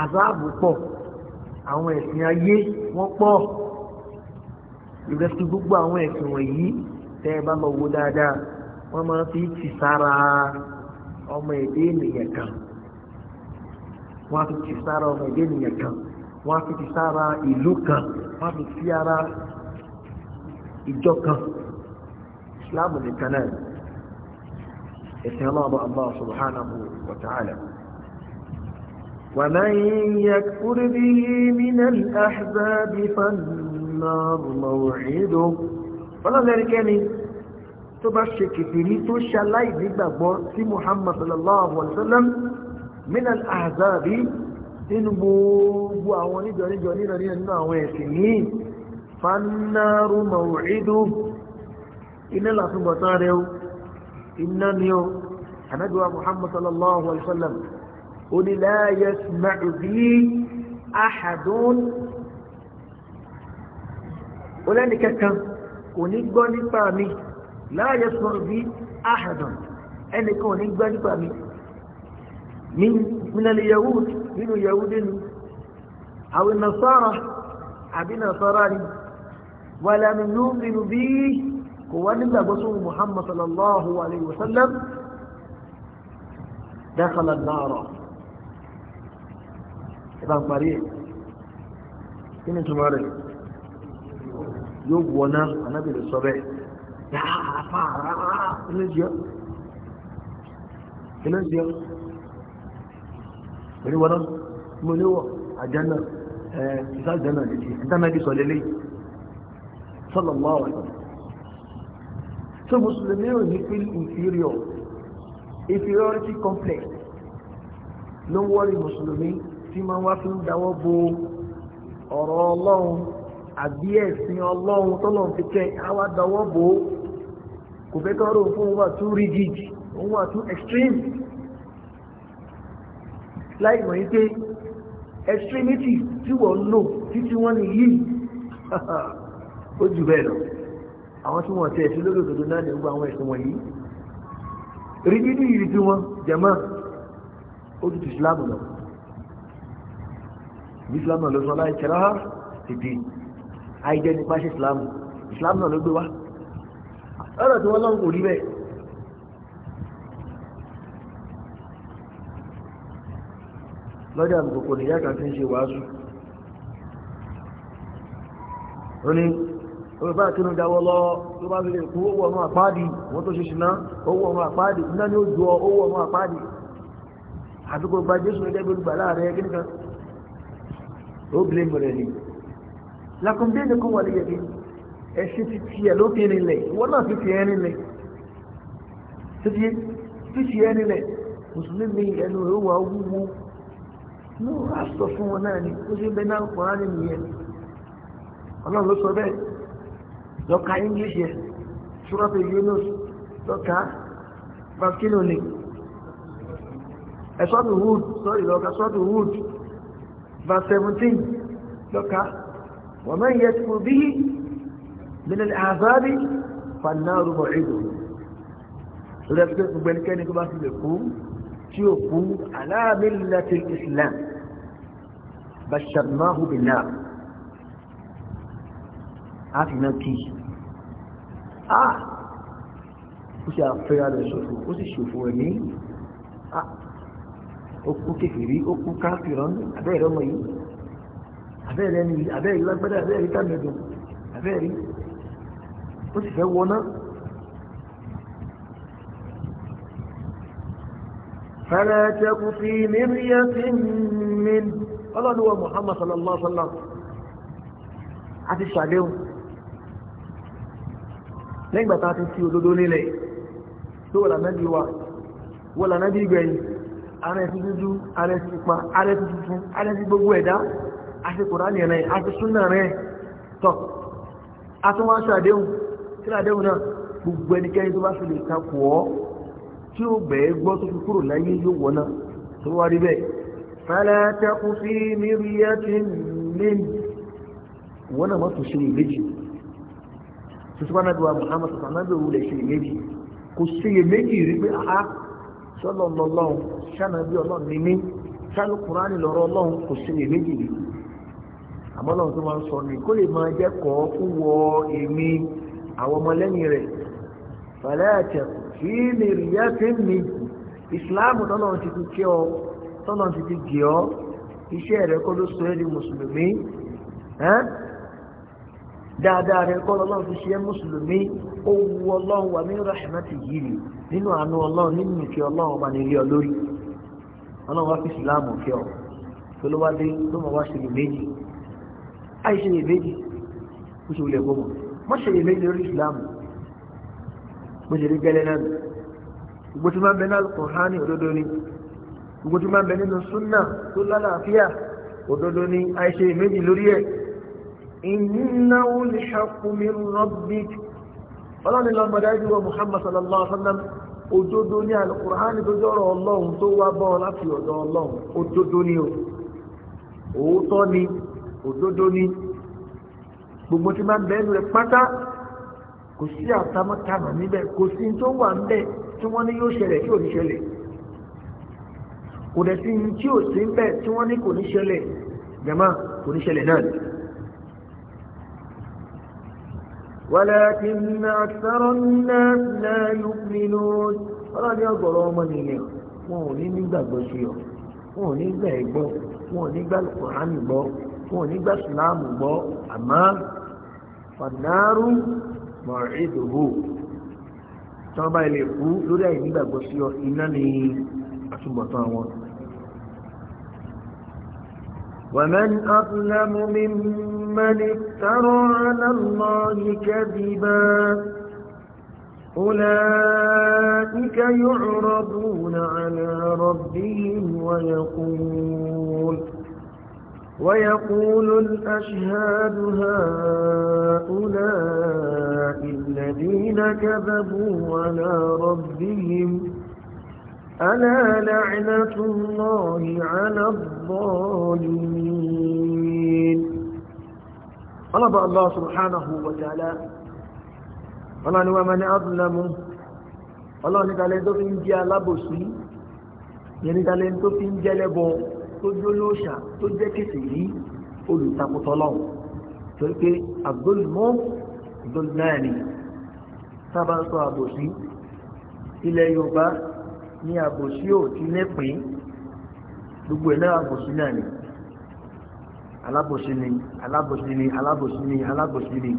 àzáàbò pọ̀ àwọn ẹ̀sìn ayé wọ́n pọ̀ ìrẹsì gbogbo àwọn ẹ̀sìn wọ̀nyí tẹ́ ẹ bá lọ wo dáadáa wọ́n máa fi tì sára ọmọ èdè ènìyàn kan wọ́n á fi tì sára ọmọ èdè ènìyàn kan wọ́n á fi tì sára ìlú kan wọ́n á fi tì sára ìjọ kan. الإسلام للتنازل اتناض الله سبحانه وتعالى ومن يكفر به من الأحزاب فالنار موعده فلا ذلك يعني تبشك في توشى لاي في محمد صلى الله عليه وسلم من الأحزاب تنبو وعواني جوني جوني رانينا نعوين سنين فالنار موعده iná làtúbọ̀tán rẹ o iná ni o ànágbèwà muhammad sallallahu alayhi wa sallam ó ní la yasma'u bi ahadun ó lẹ́ni kankan kò ní gbọ́ nípa mi la yasma'u bi ahadun ẹnìkan ò ní gbọ́ nípa mi min yahud nínú yahudi ni nasara àbí nasara ni wàlámi nùmínú bíi kò wá nígbàgbọ́ sóhun muhammad sallallahu alayhi wa sallam dákàlà náírà ìbá ń parí ẹ̀ kí ni túmọ̀ rẹ̀ yóò wọná anábìrì sọ bẹ́ẹ̀ yàrá fàárà ilé jẹ́ ilé jẹ́ pẹ̀lú wọn mo níwọ̀ àjánà ẹ̀ ìsájánà lè ṣe ìtànàbí sọ lélẹ́yìn sallallahu alayhi wa sallam so mùsùlùmí ò ní feel inferior inferiority complex ló ń wọ́rí mùsùlùmí tí máa wá fi ń dáwọ́ bo ọ̀rọ̀ ọlọ́run àbí ẹ̀sìn ọlọ́run tó lọ́n fi kẹ́ àwa dáwọ́ bo kò fẹ́ kọ́ fún wa too rigid òun wà too extreme láì mọ̀ yí pé extremity tí wọ́n lò títí wọ́n ní yìí ó jù bẹ́ẹ̀ lọ àwọn tí wọ́n tẹ̀ sí lórí òdodo náà ní gbogbo àwọn ẹ̀sìn wọ̀nyí rí nínú ìrìtí wọn jẹ̀mọ́ ó ti islam lọ islam náà ló sọ láì tẹ̀lá ìdí àìjẹ́ nípa ṣe islam islam náà ló gbé wá ọ̀rọ̀ tí wọ́n lọ́n kò rí bẹ́ẹ̀ lọ́jà àgbòkò nìyá kan ti ń ṣe wàásù ó ní olùbá kínú dáwọ́ lọ tó bá fìlè kú owó ọmọ àpáàdì wọ́n tó ṣe ṣìná owó ọmọ àpáàdì iná ni ó jọ owó ọmọ àpáàdì àdúgbò gba jésù ní ẹgbẹ́ olùgbà láàrẹ kí nìkan ó bìlẹ̀ mọ̀rẹ̀ ni lakúndé ni kó wọlé yẹbi ẹṣin ti tiẹ̀ ló fi rinlẹ̀ ìwọ náà fi tiẹ̀ rinlẹ̀ títí fi tiẹ̀ rinlẹ̀ mùsùlùmí mi sọ fún lọ́ka english yẹn ṣúrọ́pù yunus lọ́ka vaskino ni wood sorry lọ́ka sọ́dù wood va seventeen lọ́ka wọ́n mẹ́rin yẹ kó bí mílẹ̀ àzáàbí fanáàrù mọ̀ ìlú lórí ẹgbẹ́ gbogbo ẹnikẹ́ni tó bá ti lè kú tí ó kú aláàmì lẹ́tì islam bàṣàmáhùbìnà àti náà kí ah ó sì àfẹ́ra rẹ̀ ṣòfò ó sì ṣòfò ẹ̀mí ó kú kékeré ó kú káfíran abẹ́rẹ́ ọmọ yìí abẹ́rẹ́ ẹni yìí abẹ́rẹ́ lágbádá abẹ́rẹ́ tàmẹ́dùn abẹ́rẹ́ ó sì fẹ́ wọná فلا تك في مرية منه قال هو محمد صلى الله عليه وسلم عدي الشعبين nígbà tá a ti fi òdodo nílẹ̀ tó wọ́n lànà bí wa wọ́n lànà bí gbẹ̀yìn ààrẹ ti dúdú ààrẹ ti pupa ààrẹ ti tuntun ààrẹ ti gbogbo ẹ̀dá àti kùránì rẹ̀ àti súnà rẹ̀ tọ̀ a tún wá ṣàdéhùn kí làdéhùn náà gbogbo ẹnikẹ́ni tó bá fi lè takò ọ́ tí ó bẹ̀ẹ́ gbọ́ tó fi kúrò láyé yóò wọ̀ náà tó wá rí bẹ́ẹ̀ fẹ́lẹ́ tẹ́kù sí mírí ẹ́ ti ní wọ́n náà mọ́ sọ́sọ́nà bí wa Muhammad sọ̀tàn náà wulẹ̀ ṣe méjì kò sí méjì rí pé aha sọ́lọ̀ lọ́lọ́run sànà bí ọlọ́run ní mí sálù kùránì lọ́rọ̀ ọlọ́run kò sí méjì rí àmọ́ ọlọ́run tó máa ń sọ ni kó lè máa jẹ́ kọ́ fún wọ èmi àwọn ọmọlẹ́yìn rẹ̀ fàlẹ́ àtẹ̀ kí lè rí yá tẹ́ mi ìsìláàmù tọ́lọ́run ti fi kí ọ tọ́lọ́run ti fi jì ọ iṣẹ́ rẹ̀ kọ́ ló sọ ẹ́ di mùsùlùmí dáadáa rẹ kọ́ ọlọ́run fi ṣe é mùsùlùmí ó wu ọlọ́run wà ní rahmati yìí nínú àánú ọlọ́run nínú ìfẹ́ ọlọ́run ọba nílé ọlórí ọlọ́run wá fi ìsìláàmù fẹ́ ọ tó ló wá dé tó mọ̀ wá ṣe lè méjì àì ṣe lè méjì ó ṣe wulẹ̀ gbọ́mọ̀ mọ́ ṣe lè méjì lórí ìsìláàmù mo ṣe lè gẹ́lẹ́ náà gbogbo tí máa ń bẹ náà Kùránì òdodo ni gbogbo tí máa ń bẹ nínú súnà tó lálàáfíà òdodo ni àì ṣe méjì lórí ẹ̀ إنه الحق من ربك ọlọ́ni lọ́mọdé ẹgbẹ́ muhammad sallallahu alaihi wa sallam òdodo ní alukur'an tó jọrọ ọlọ́run tó wá bọ́ láti ọ̀dọ̀ ọlọ́run òdodo ni o òótọ́ ni òdodo ni gbogbo tí máa ń bẹ́ẹ̀ rẹ̀ pátá kò sí àtàmọ́tàmọ́ níbẹ̀ kò sí tó wà níbẹ̀ tí wọ́n ní yóò ṣẹlẹ̀ tí ò ní ṣẹlẹ̀ kò dẹ̀ sí tí ò sí níbẹ̀ tí wọ́n ní kò ní ṣẹlẹ̀ jẹ̀má kò ní ṣẹlẹ̀ náà ولكن أكثر الناس لا يؤمنون ọlọ́run ní ọgọ̀rọ̀ ọmọ nìyẹn wọn ò ní nígbàgbọ́ sí ọ wọn ò ní gbà ẹ gbọ́ wọn ò ní gbà kùránì gbọ́ wọn ò ní gbà sùlámù gbọ́ àmọ́ fànàrú mọ̀rẹ́dòwò tí wọ́n bá ilé kú lórí àìnígbàgbọ́ sí ọ iná ni àtúbọ̀tán wọn. ومن أظلم ممن افترى على الله كذبا أولئك يعرضون على ربهم ويقول ويقول الأشهاد هؤلاء الذين كذبوا على ربهم ألا لعنة الله على الظالمين طلب الله سبحانه وتعالى الله ومن أظلم الله نتعالى دفن جالا بسي يعني تعالى دفن جالا بو تجلوشا تجكسي قلوا تقتلوا تلك الظلم ظلماني تبا صعب إلى يوبا ní àbòsí ò ti lẹ́pìn gbogbo ẹ̀ náà àbòsí náà ni alábòsí ni alábòsí ni alábòsí ni alábòsí ni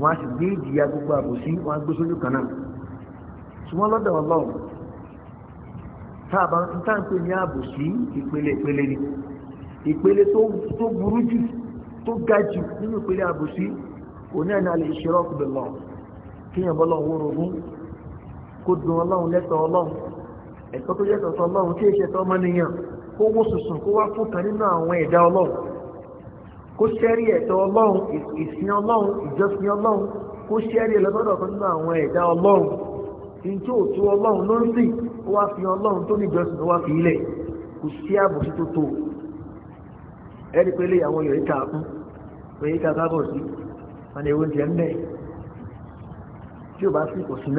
wọ́n á sì gbé ìjìyà gbogbo àbòsí wọ́n á gbé sójú kan náà ṣùgbọ́n lọ́dọ̀ ọlọ́run táàbà ń tàǹpé ní àbòsí ìpele ìpele ni ìpele tó burú jù tó ga jù nínú ìpele àbòsí òní ẹ̀nà lè ṣe rọ́ọ̀kù bẹ̀lọ̀ kíyàn bọ́lọ̀ wórogún kó dùn ọlọ́run lẹ́tọ̀ọ́ ọlọ́run ẹ̀kọ́ tó yẹ tọ̀tọ̀ ọlọ́run tí èṣẹ́ tọ́mọ nìyàn kó wó sùsùn kó wá fún kan nínú àwọn ẹ̀dá ọlọ́run kó ṣẹ́rí ẹ̀tọ́ ọlọ́run ìsìn ọlọ́run ìjọsìn ọlọ́run kó ṣẹ́rí ẹlọ́dọ̀ kan nínú àwọn ẹ̀dá ọlọ́run ìjọ òtú ọlọ́run ló ń sìn ó wá fi ọlọ́run tó ní ìjọsìn ó wá fi ilẹ̀ kò sí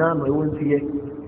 àbòsí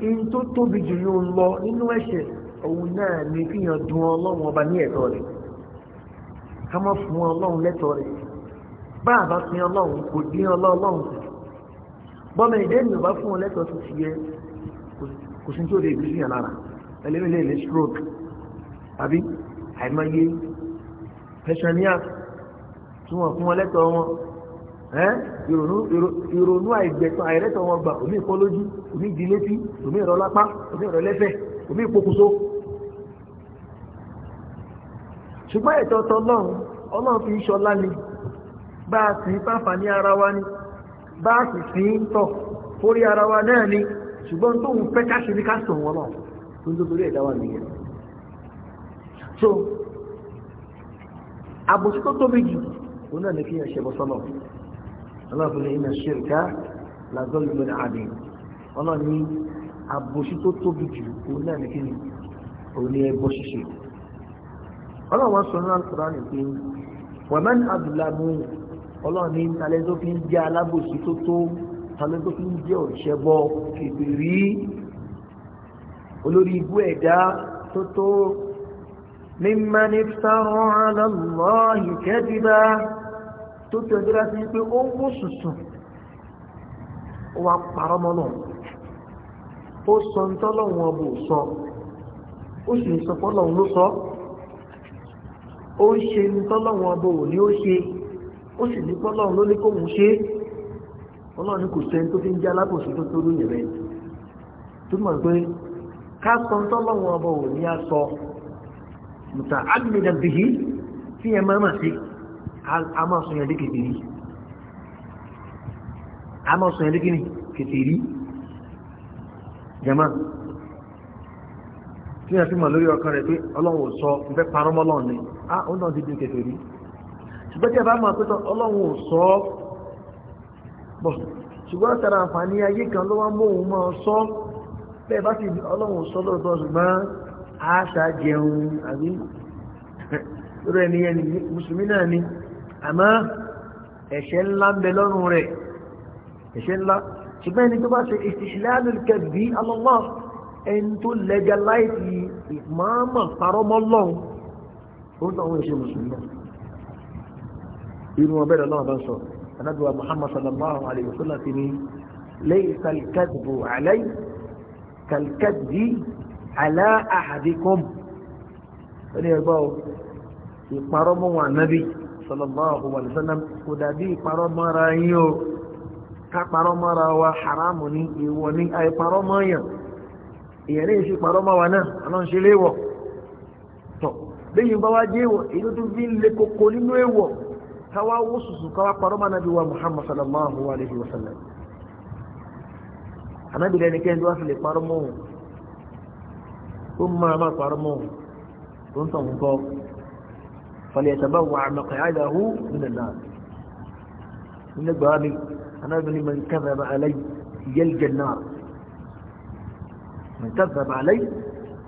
in tó tóbi jù ní òun lọ nínú ẹ̀ṣẹ̀ òun náà ni kíyàn dùn ọlọ́run ọba ní ẹ̀tọ́ rẹ̀ ká má fún ọlọ́run lẹ́tọ́ rẹ̀ bá àbá fi ọlọ́run kò dín ọlọ́run bọ́mọ ìdé mi ò bá fún ọ lẹ́tọ́ tó ti yẹ kò sí tó lè bí síyàn lára ẹlẹ́mìlẹ́ ilé stroke àbí àìmọye pẹ̀sẹ̀ níyà tí wọ́n fún ọ lẹ́tọ́ wọn ìrònú àìgbẹ̀tàn àìrẹ́tọ̀ wọn gbà omi ìkọ́ lójú omi ìdí létí omi ìrọ̀ lápá omi ìrọ̀ lẹ́fẹ̀ omi ìpokùnso ṣùgbọ́n ẹ̀tọ́ tọ́lọ́run ọlọ́run fi ṣọlá ni bá a sì fáfà ní ara wa ni bá a sì fi ń tọ̀ fórí ara wa náà ni ṣùgbọ́n tóun fẹ́ káṣe ní káṣọ wọn lọ tó ń tó torí ẹ̀dá wa nìyẹn so àbòsí tó tóbi jù òun náà ní kí yẹn ṣe bọ́ sọ́nà ọlọ́ọ̀bìnrin iná ṣèǹkà làgọ́lùmọ́ni àdé ọlọ́ọ̀ ní àbòsí tó tóbi jù òun náà ní kí ni òun ní ẹbọ ṣíṣe ọlọ́ọ̀ wọn sọ ní alukóran ní pé wàmẹ́ni abdulamu ọlọ́ọ̀ ní talẹ́ tó fi ń jẹ́ alábòsí tó tó talẹ́ tó fi ń jẹ́ òṣèbọ olórí ibú ẹ̀dá tó tó mímánifítàrọ̀ alọ́ọ̀lọ́ ìkẹ́dìbá tó tẹ̀ ẹ́ dúró sí pé ó wó sùsùn ó wá parọ́ mọ́ náà ó sọ ń tọ́lọ́run ọbọ̀ sọ ó sì ń sọ fọ́lọ́run ló sọ ó ń ṣe ń tọ́lọ́run ọbọ̀ òní ó ṣe ó sì ní fọ́lọ́run ló ní kóhun ṣe ọlọ́run kò sẹ́ni tó fi ń jẹ́ alábòsí tó tóru yẹn rẹ̀ túmọ̀ pé ká sọ ń tọ́lọ́run ọbọ̀ òní á sọ mùtà ágbèdàbìyí tí ẹ máa mà sí a máa sọ yẹn dé kèfèrí a máa sọ yẹn dé kíni kèfèrí jàmá tí a fi mọ̀ lórí ọkàn rẹ̀ pé ọlọ́run sọ ń fẹ́ ni a ó náà ti di kèfèrí ṣùgbọ́n tí a bá máa pẹ́tọ́ ọlọ́run ò sọ bọ̀ ṣùgbọ́n tara àǹfààní ayé kan ló wá mú òun máa sọ bẹ́ẹ̀ bá sì ọlọ́run sọ lóòótọ́ ṣùgbọ́n a ni àmọ́ ẹ̀ṣẹ̀ ńlá ń bẹ lọ́rùn rẹ̀ ẹ̀ṣẹ̀ ńlá ṣùgbọ́n ẹni tó bá ṣe ìṣìṣìláàlù kẹbí alọ́lá ẹni tó lẹ́jà láìsí ìmọ̀ọ́mọ̀ parọ́mọ́lọ́hún ó ń tọ́wọ́ ẹ̀ṣẹ̀ mùsùlùmí irun ọbẹ̀ lọ́wọ́ bá ń sọ anábìwá muhammad sallallahu alayhi wa sallam ti ní lẹ́yìn kàlkàdìbò àlẹ́ kàlkàdìbì àlá àhàdìkọ́m ẹni ẹgbọ́ ìparọ́mọ́ wọn ànábì sallallahu alaihi wasallam kò dàbí ìparọ́ mọ́ra yín o ká parọ́ mọ́ra wa haramu ní ìwọ ní àìparọ́ mọ́yàn èèyàn lè ṣe parọ́ mọ́ wa náà ọlọ́run ṣe léwọ̀ tọ̀ lẹ́yìn bá wá jẹ́ ìwọ̀ èyí tó fi ń le koko nínú èèwọ̀ káwá wó sùsù káwá parọ́ mọ́ wa muhammad sallallahu alaihi wasallam anábìlẹ̀ ẹnikẹ́ni tó wá fi lè فليتبوع مقعده من النار من البابي أنا ابن من كذب علي يلقى النار من كذب علي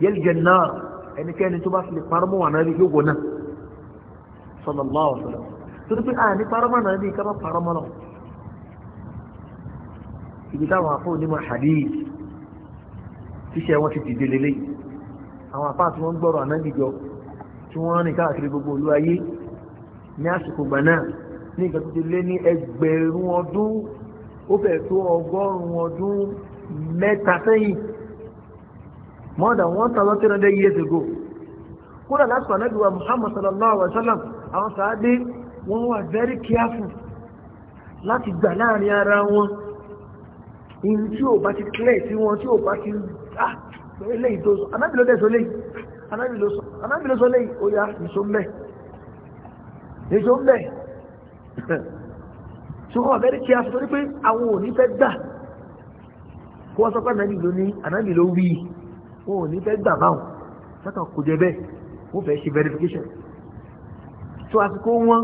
يلقى النار يعني كان يتبع في الفرمو وانا بيجونا صلى الله عليه وسلم تقول في آني فرما أنا كما فرما له ibi táwọn أقول لما حديث في wọn ti dìde lélẹ́yìn àwọn apá tí wọ́n tí wọ́n rìn káàkiri gbogbo olú ayé ní àsìkò gbà náà ní nǹkan tó ti lé ní ẹgbẹ̀rún ọdún ó fẹ́ tó ọgọ́rùn-ún ọdún mẹ́ta sẹ́yìn more than one thousand three hundred years ago kódà lásìkò anábìwá Muhammad sallallahu alaihi wa sallam àwọn sàádé wọ́n wà very careful láti gbà láàrin ara wọn in tí ò bá ti clear sí wọn tí ò bá ti ah eléyìí tó sọ anábìlódé sọ léyìí anábì ló sọ lẹ́yìn ó yá ìṣó mẹ́ ìṣó mẹ́ ṣùgbọ́n ọ̀bẹ́ni kí a sọ pé àwọn ò ní fẹ́ gbà kó wọ́n sọ pé anábì ló ní anábì ló wí wọn ò ní fẹ́ gbà báwọn sọ́kàn kò jẹ bẹ́ẹ̀ wọ́n fẹ́ ṣe verification tó àsìkò wọn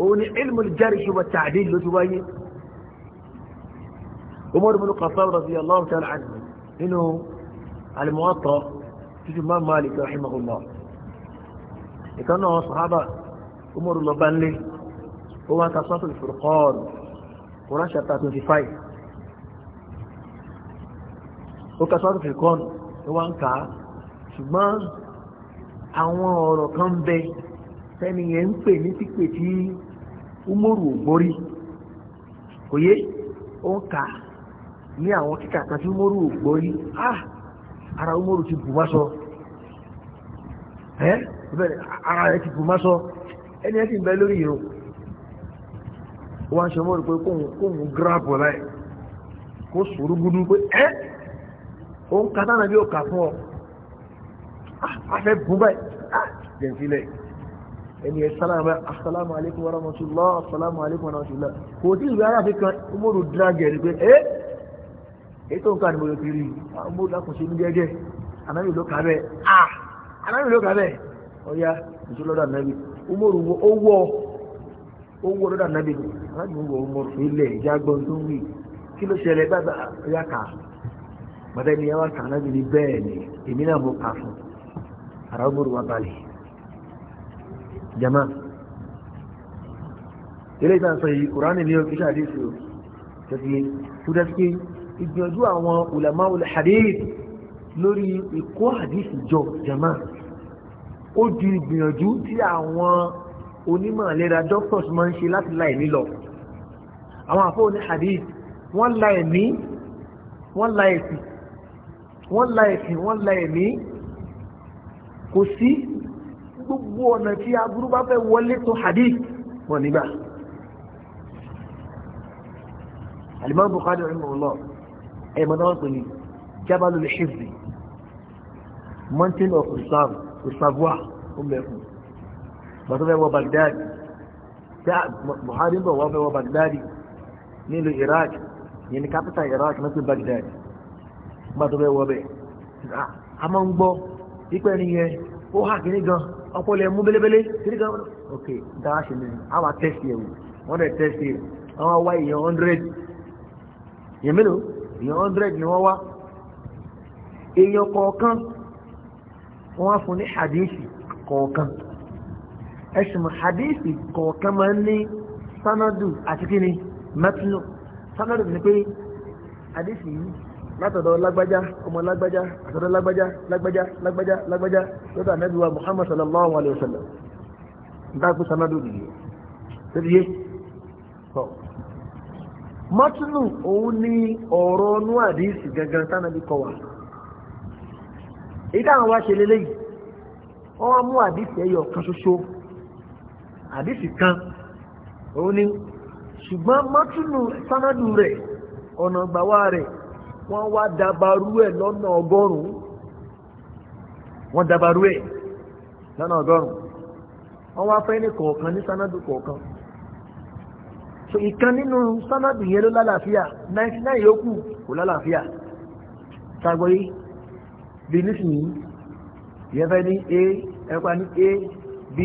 òun ni ilmu al-jarh wa ta'dil ló ti wáyé Umar ibn Khattab radiyallahu ta'ala anhu nínú al títí má Malik rahimahullah ìkan náà sàhábà Umaru lọ bá ń lé ó wá ń ka sọ́tò ìfòròkọ́ọ̀nù Quran chapter twenty five ó ka sọ́tò ìfòròkọ́ọ̀nù ó wá ń kà á ṣùgbọ́n àwọn ọ̀rọ̀ kan bẹ sẹ́ni yẹn ń pè ní pípè tí Umaru ò kò yé ó ń kà ní àwọn kíkà kan tí Umaru ò ah ara umaru ti bù máṣọ ẹ́ ara rẹ̀ ti bù máṣọ ẹni ẹ́ ti bẹ lórí yìí o wọ́n ṣe umaru pé kóhun gíráàpù láì kó sòrò gudu pé ẹ́ òun katana bí ó kà fún ọ afẹ́ ah, bùn báyìí ah, jẹ̀ǹfilẹ̀ ẹni ẹ̀ sálámà asàlámù alaykum wa rahmatullah asàlámù alaykum wa rahmatullah kò tí ìgbà aláàfin kan umaru dragẹ̀ rí pé ẹ́ ètò nǹkan ni mo lè fi rí mo lákùnṣe ní jẹ́jẹ́ anábì ló kà ụmụ ló kà bẹ́ẹ̀ ìṣó lọ́dọ̀ anábì umoru wo ó wọ umoru ilẹ̀ tó kí ló ṣẹlẹ̀ bá ya kà ya wá kà ni bẹ́ẹ̀ ni èmi náà mo kà fún ara umoru wa balẹ̀ jama ilé ìtàn sọ yìí ni o tẹ̀sí tó ìgbìyànjú àwọn ulama ul hadith lórí ìkó hadith jọ jama ó ju ìgbìyànjú tí àwọn onímọ̀ àlera doctors máa ń ṣe láti la ẹ̀mí lọ àwọn àfọwọ́ ní hadith wọ́n la ẹ̀mí wọ́n la ẹ̀sìn wọ́n la ẹ̀sìn wọ́n la ẹ̀mí kò sí gbogbo ọ̀nà tí aburú bá fẹ́ wọlé tó hadith wọn nígbà alimami Bukhari rahimahullah ẹ̀mọ́ náà pè ní jabalul hifzi mountain of reserve reservoir ọmọkùn bàtọ́ fẹ́ wọ Baghdad tá Buhari bọ̀ wọ́n fẹ́ wọ Baghdad nílùú Iraq yẹn ni capital Iraq náà sí Baghdad bàtọ́ fẹ́ wọ bẹ̀ a máa ń gbọ́ ipẹ́ ni yẹn ó hà kìíní gan ọpọlẹ̀ mú belebele kìíní gan ok dáa ṣe ni a test yẹ̀ wò wọ́n test yẹ̀ wọ́n wá ìyẹn hundred yẹn èèyàn hundred ni wọ́n wá èèyàn kọ̀ọ̀kan wọ́n wá fún ní hadithi kọ̀ọ̀kan ẹ̀sùn hadithi kọ̀ọ̀kan máa ń ní sanadu àti kíni matinu sanadu ni pé hadithi yìí látọ̀dọ̀ lágbájá ọmọ lágbájá àtọ̀dọ̀ lágbájá lágbájá lágbájá lágbájá lọ́dọ̀ ànábì wa muhammad sallallahu alayhi wa sallam dákú sanadu nìyẹn mọ́tínù òun ní ọ̀rọ̀ ọnú gangan tánàbí kọ wà èyí ṣe lélẹ́yìí wọ́n mú ẹyọ kan ṣoṣo àdéhìsì kan òun ní ṣùgbọ́n mọ́tínù sánádù rẹ̀ ọ̀nà gbàwá rẹ̀ wọ́n wá dabarú ẹ̀ lọ́nà ọgọ́rùn-ún wọ́n dabarú ẹ̀ lọ́nà ọgọ́rùn-ún so ìkan nínú sánàdù yẹn ló lálàáfíà 99 yòókù kò lálàáfíà sàgbọ́yé bí nísìnyí yẹn fẹ́ ní a ẹ̀pà ní a b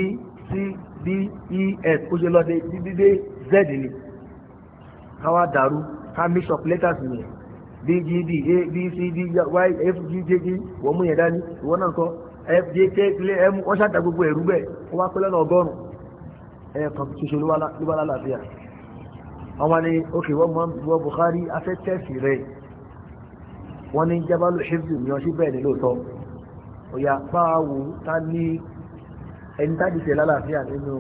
c d e f ó ṣe lọ́dẹ dídídé z ni káwá dàrú ká mix up letters nìyẹn d g d a b c d e, y f g j g wọ́n mú yẹn dání ìwọ náà kọ́ f j k l m wọ́n ṣàtà gbogbo ẹ̀rú bẹ́ẹ̀ wọ́n wá pẹ́ lọ́nà ọgọ́rùn-ún ẹ̀ẹ̀kan ṣoṣo ló wá lálàáfíà wọ́n wá ní ókè wọ́n Bukhari afẹ́ tẹ́sì rẹ̀ wọ́n ní jábálù ṣífù ní ọṣí bẹ́ẹ̀ ní lóòótọ́ òyà páàwù tá ní ẹni tàbí ṣe lálàáfíà nínú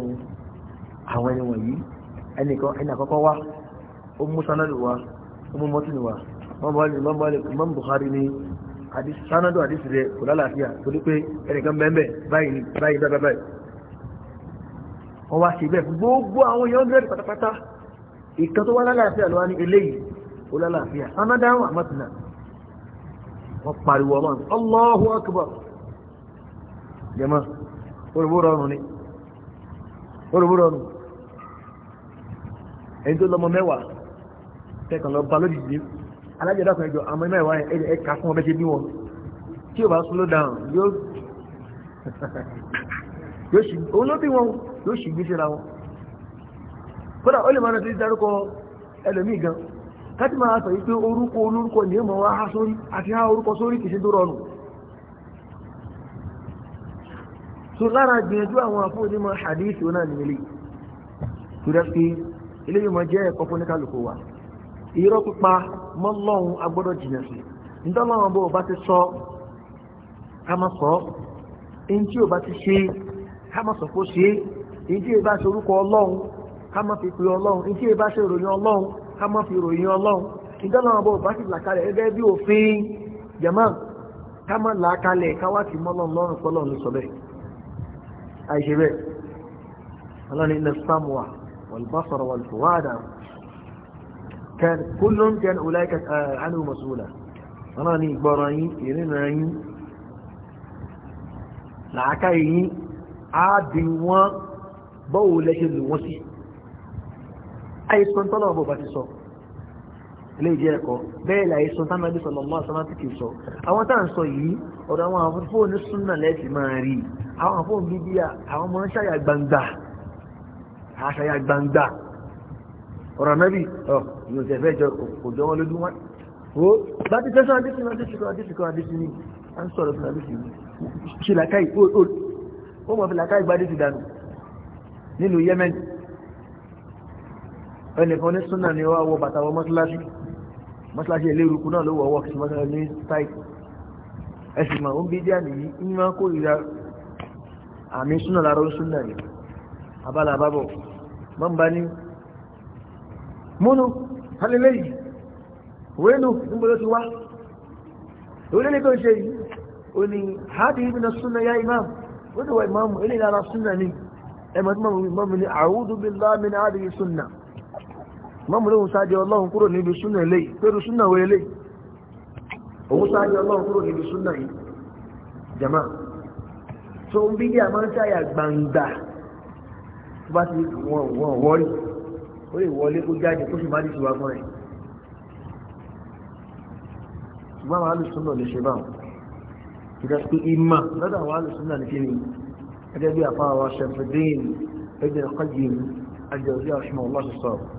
àwọn ẹni wọ̀nyí ẹni àkọ́kọ́ wá ó mú sanadu wá ó mú mọ́tìnì wá mọ́mọ́ Bukhari ní sanadu àdìsí rẹ̀ kò lálàáfíà torí pé ẹnìkan mẹ́mẹ́ báyìí báyìí báyìí wọ́n wá sí bẹ́ẹ̀ gbogbo àwọn èèyàn ìkan tó wá lálàáfíà ló wá ní eléyìí ó lálàáfíà amadáhùn àmọ́tìnà wọ́n pariwo ọmọ Allahu akbar jẹ́mọ́ orúbúrọ̀rùn ni orúbúrọ̀rùn ẹni tó lọ́mọ mẹ́wàá kẹ́kàn lọ bá lójijì alájẹ́dàkùn ẹjọ́ àmọ́ mẹ́wàá ẹ̀ka fún ọbẹ̀ ṣe bí yóò ṣì gbé síra wọn kódà ó lè máa rántí dárúkọ ẹlòmíì gan káti máa sọ yìí pé orúkọ olórúkọ ní èèmọ̀ wá sórí àti há orúkọ sórí kìí ṣe tó rọrùn so lára gbìyànjú àwọn àfọwọ́dímọ̀ hadith náà ní ilé tó dẹ́ pé ilé yìí máa jẹ́ ẹ̀kọ́ fún oníkàlùkù wa irọ́ pípa mọ́lọ́hun agbọ́dọ̀ jìnà sí ìdánlọ́wọ́n bó bá ti sọ ká má sọ èyí tí ò bá ti ṣe ká má sọ kó ṣe tí ká má fi pe ọlọ́run ní tí ẹ bá ṣe ròyìn ọlọ́run ká má fi ròyìn ọlọ́run ìjọ náà bọ̀ bá sì là kalẹ̀ gẹ́gẹ́ bí òfin jẹ̀mọ́ ká má là kalẹ̀ ká wá ti mọ́ lọ́run lọ́run pọ́lọ́ ló sọ bẹ́ẹ̀ àìṣe bẹ́ẹ̀ ọlọ́run ilẹ̀ samuwa wàlbásọ̀rọ̀ wàlfọwádà kúlùm jẹ́ ọláìkà ánú mọ̀sùlá ọlọ́run ìgbọ̀rọ̀ yín ìrìnà yín làákà yín á bí wọ́n bọ́wọ́ lẹ́ṣẹ̀ lù wọ́n sí àìsàn tọ́lá ọ̀bọ̀ bá ti sọ ilé ìjẹ́ ẹ̀kọ́ bẹ́ẹ̀ ni àìsàn tá máa ń sọ lọ́mọ́ àtàwọn ti kì í sọ àwọn tá à ń sọ yìí ọ̀dọ̀ àwọn àfọ́fọ́ ní súnà lẹ́sì máa rí àwọn àfọ́fọ́ bíbí àwọn ọmọ ṣàyà gbangba àṣàyà gbangba ọ̀rọ̀ mẹ́bí ọ̀ yóò tẹ̀ fẹ́ jọ òjò wọn lójú wọn. ó bá ti tẹ́sán adéṣin adéṣin adéṣin adéṣin à ń sọ̀rọ̀ fún adéṣin ṣe làkàì ó mọ̀ fi làkàì gbadéṣin dànù nílùú Yemen ẹnìkan ní súnà ni wá wọ bàtà wọ mọ́sálásí mọ́sálásí ẹlẹ́rùkú náà ló wọ ọwọ́ kìí mọ́sálásí ní táìpì ẹ̀sìn mà ń bí díà nìyí ń máa kó ìra àmì súnà lára ó súnà ni abala àbábọ̀ máa ń bá ní múnú hálẹ́lẹ́ yìí wẹ́nu nígbàdó ti wá ìwúlẹ́lẹ́ tó ń ṣe yìí ó ní hádi ibi na súnà yá imam ó ní wà imam ilé ìlara súnà ni ẹ̀mọ̀ tí mọ̀ mi ní a'udhu billahi mọ́mùlẹ́ òun sáájẹ ọlọ́run kúrò níbi súnà ilé pẹ̀lú súnà wọ ilé òun sáájẹ ọlọ́run kúrò níbi súnà yìí jama tó ń bí díà máa ń sáyà gbangba tó bá ti wọ̀n wọ̀n wọ́rí ó lè wọlé kó jáde kó sì má dì síwá fún ẹ̀ ṣùgbọ́n àwọn alùsùnà lè ṣe báwọn ìdásí pé ìmọ̀ lọ́dọ̀ àwọn alùsùnà ní kíni gẹ́gẹ́ bí àfáà wa ṣẹ̀fẹ̀dẹ́yìn ẹgbẹ̀rún kọ́jì àjọ ìdí àṣùmọ̀ ọlọ́sọ̀sọ̀rọ̀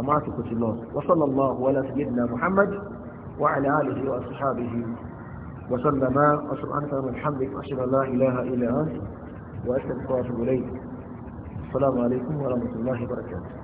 أماتك الله وصلى الله على سيدنا محمد وعلى آله وأصحابه وسلم ما أصر أنت من حمدك لا إله إلا أنت واستغفرك واتوب إليك السلام عليكم ورحمة الله وبركاته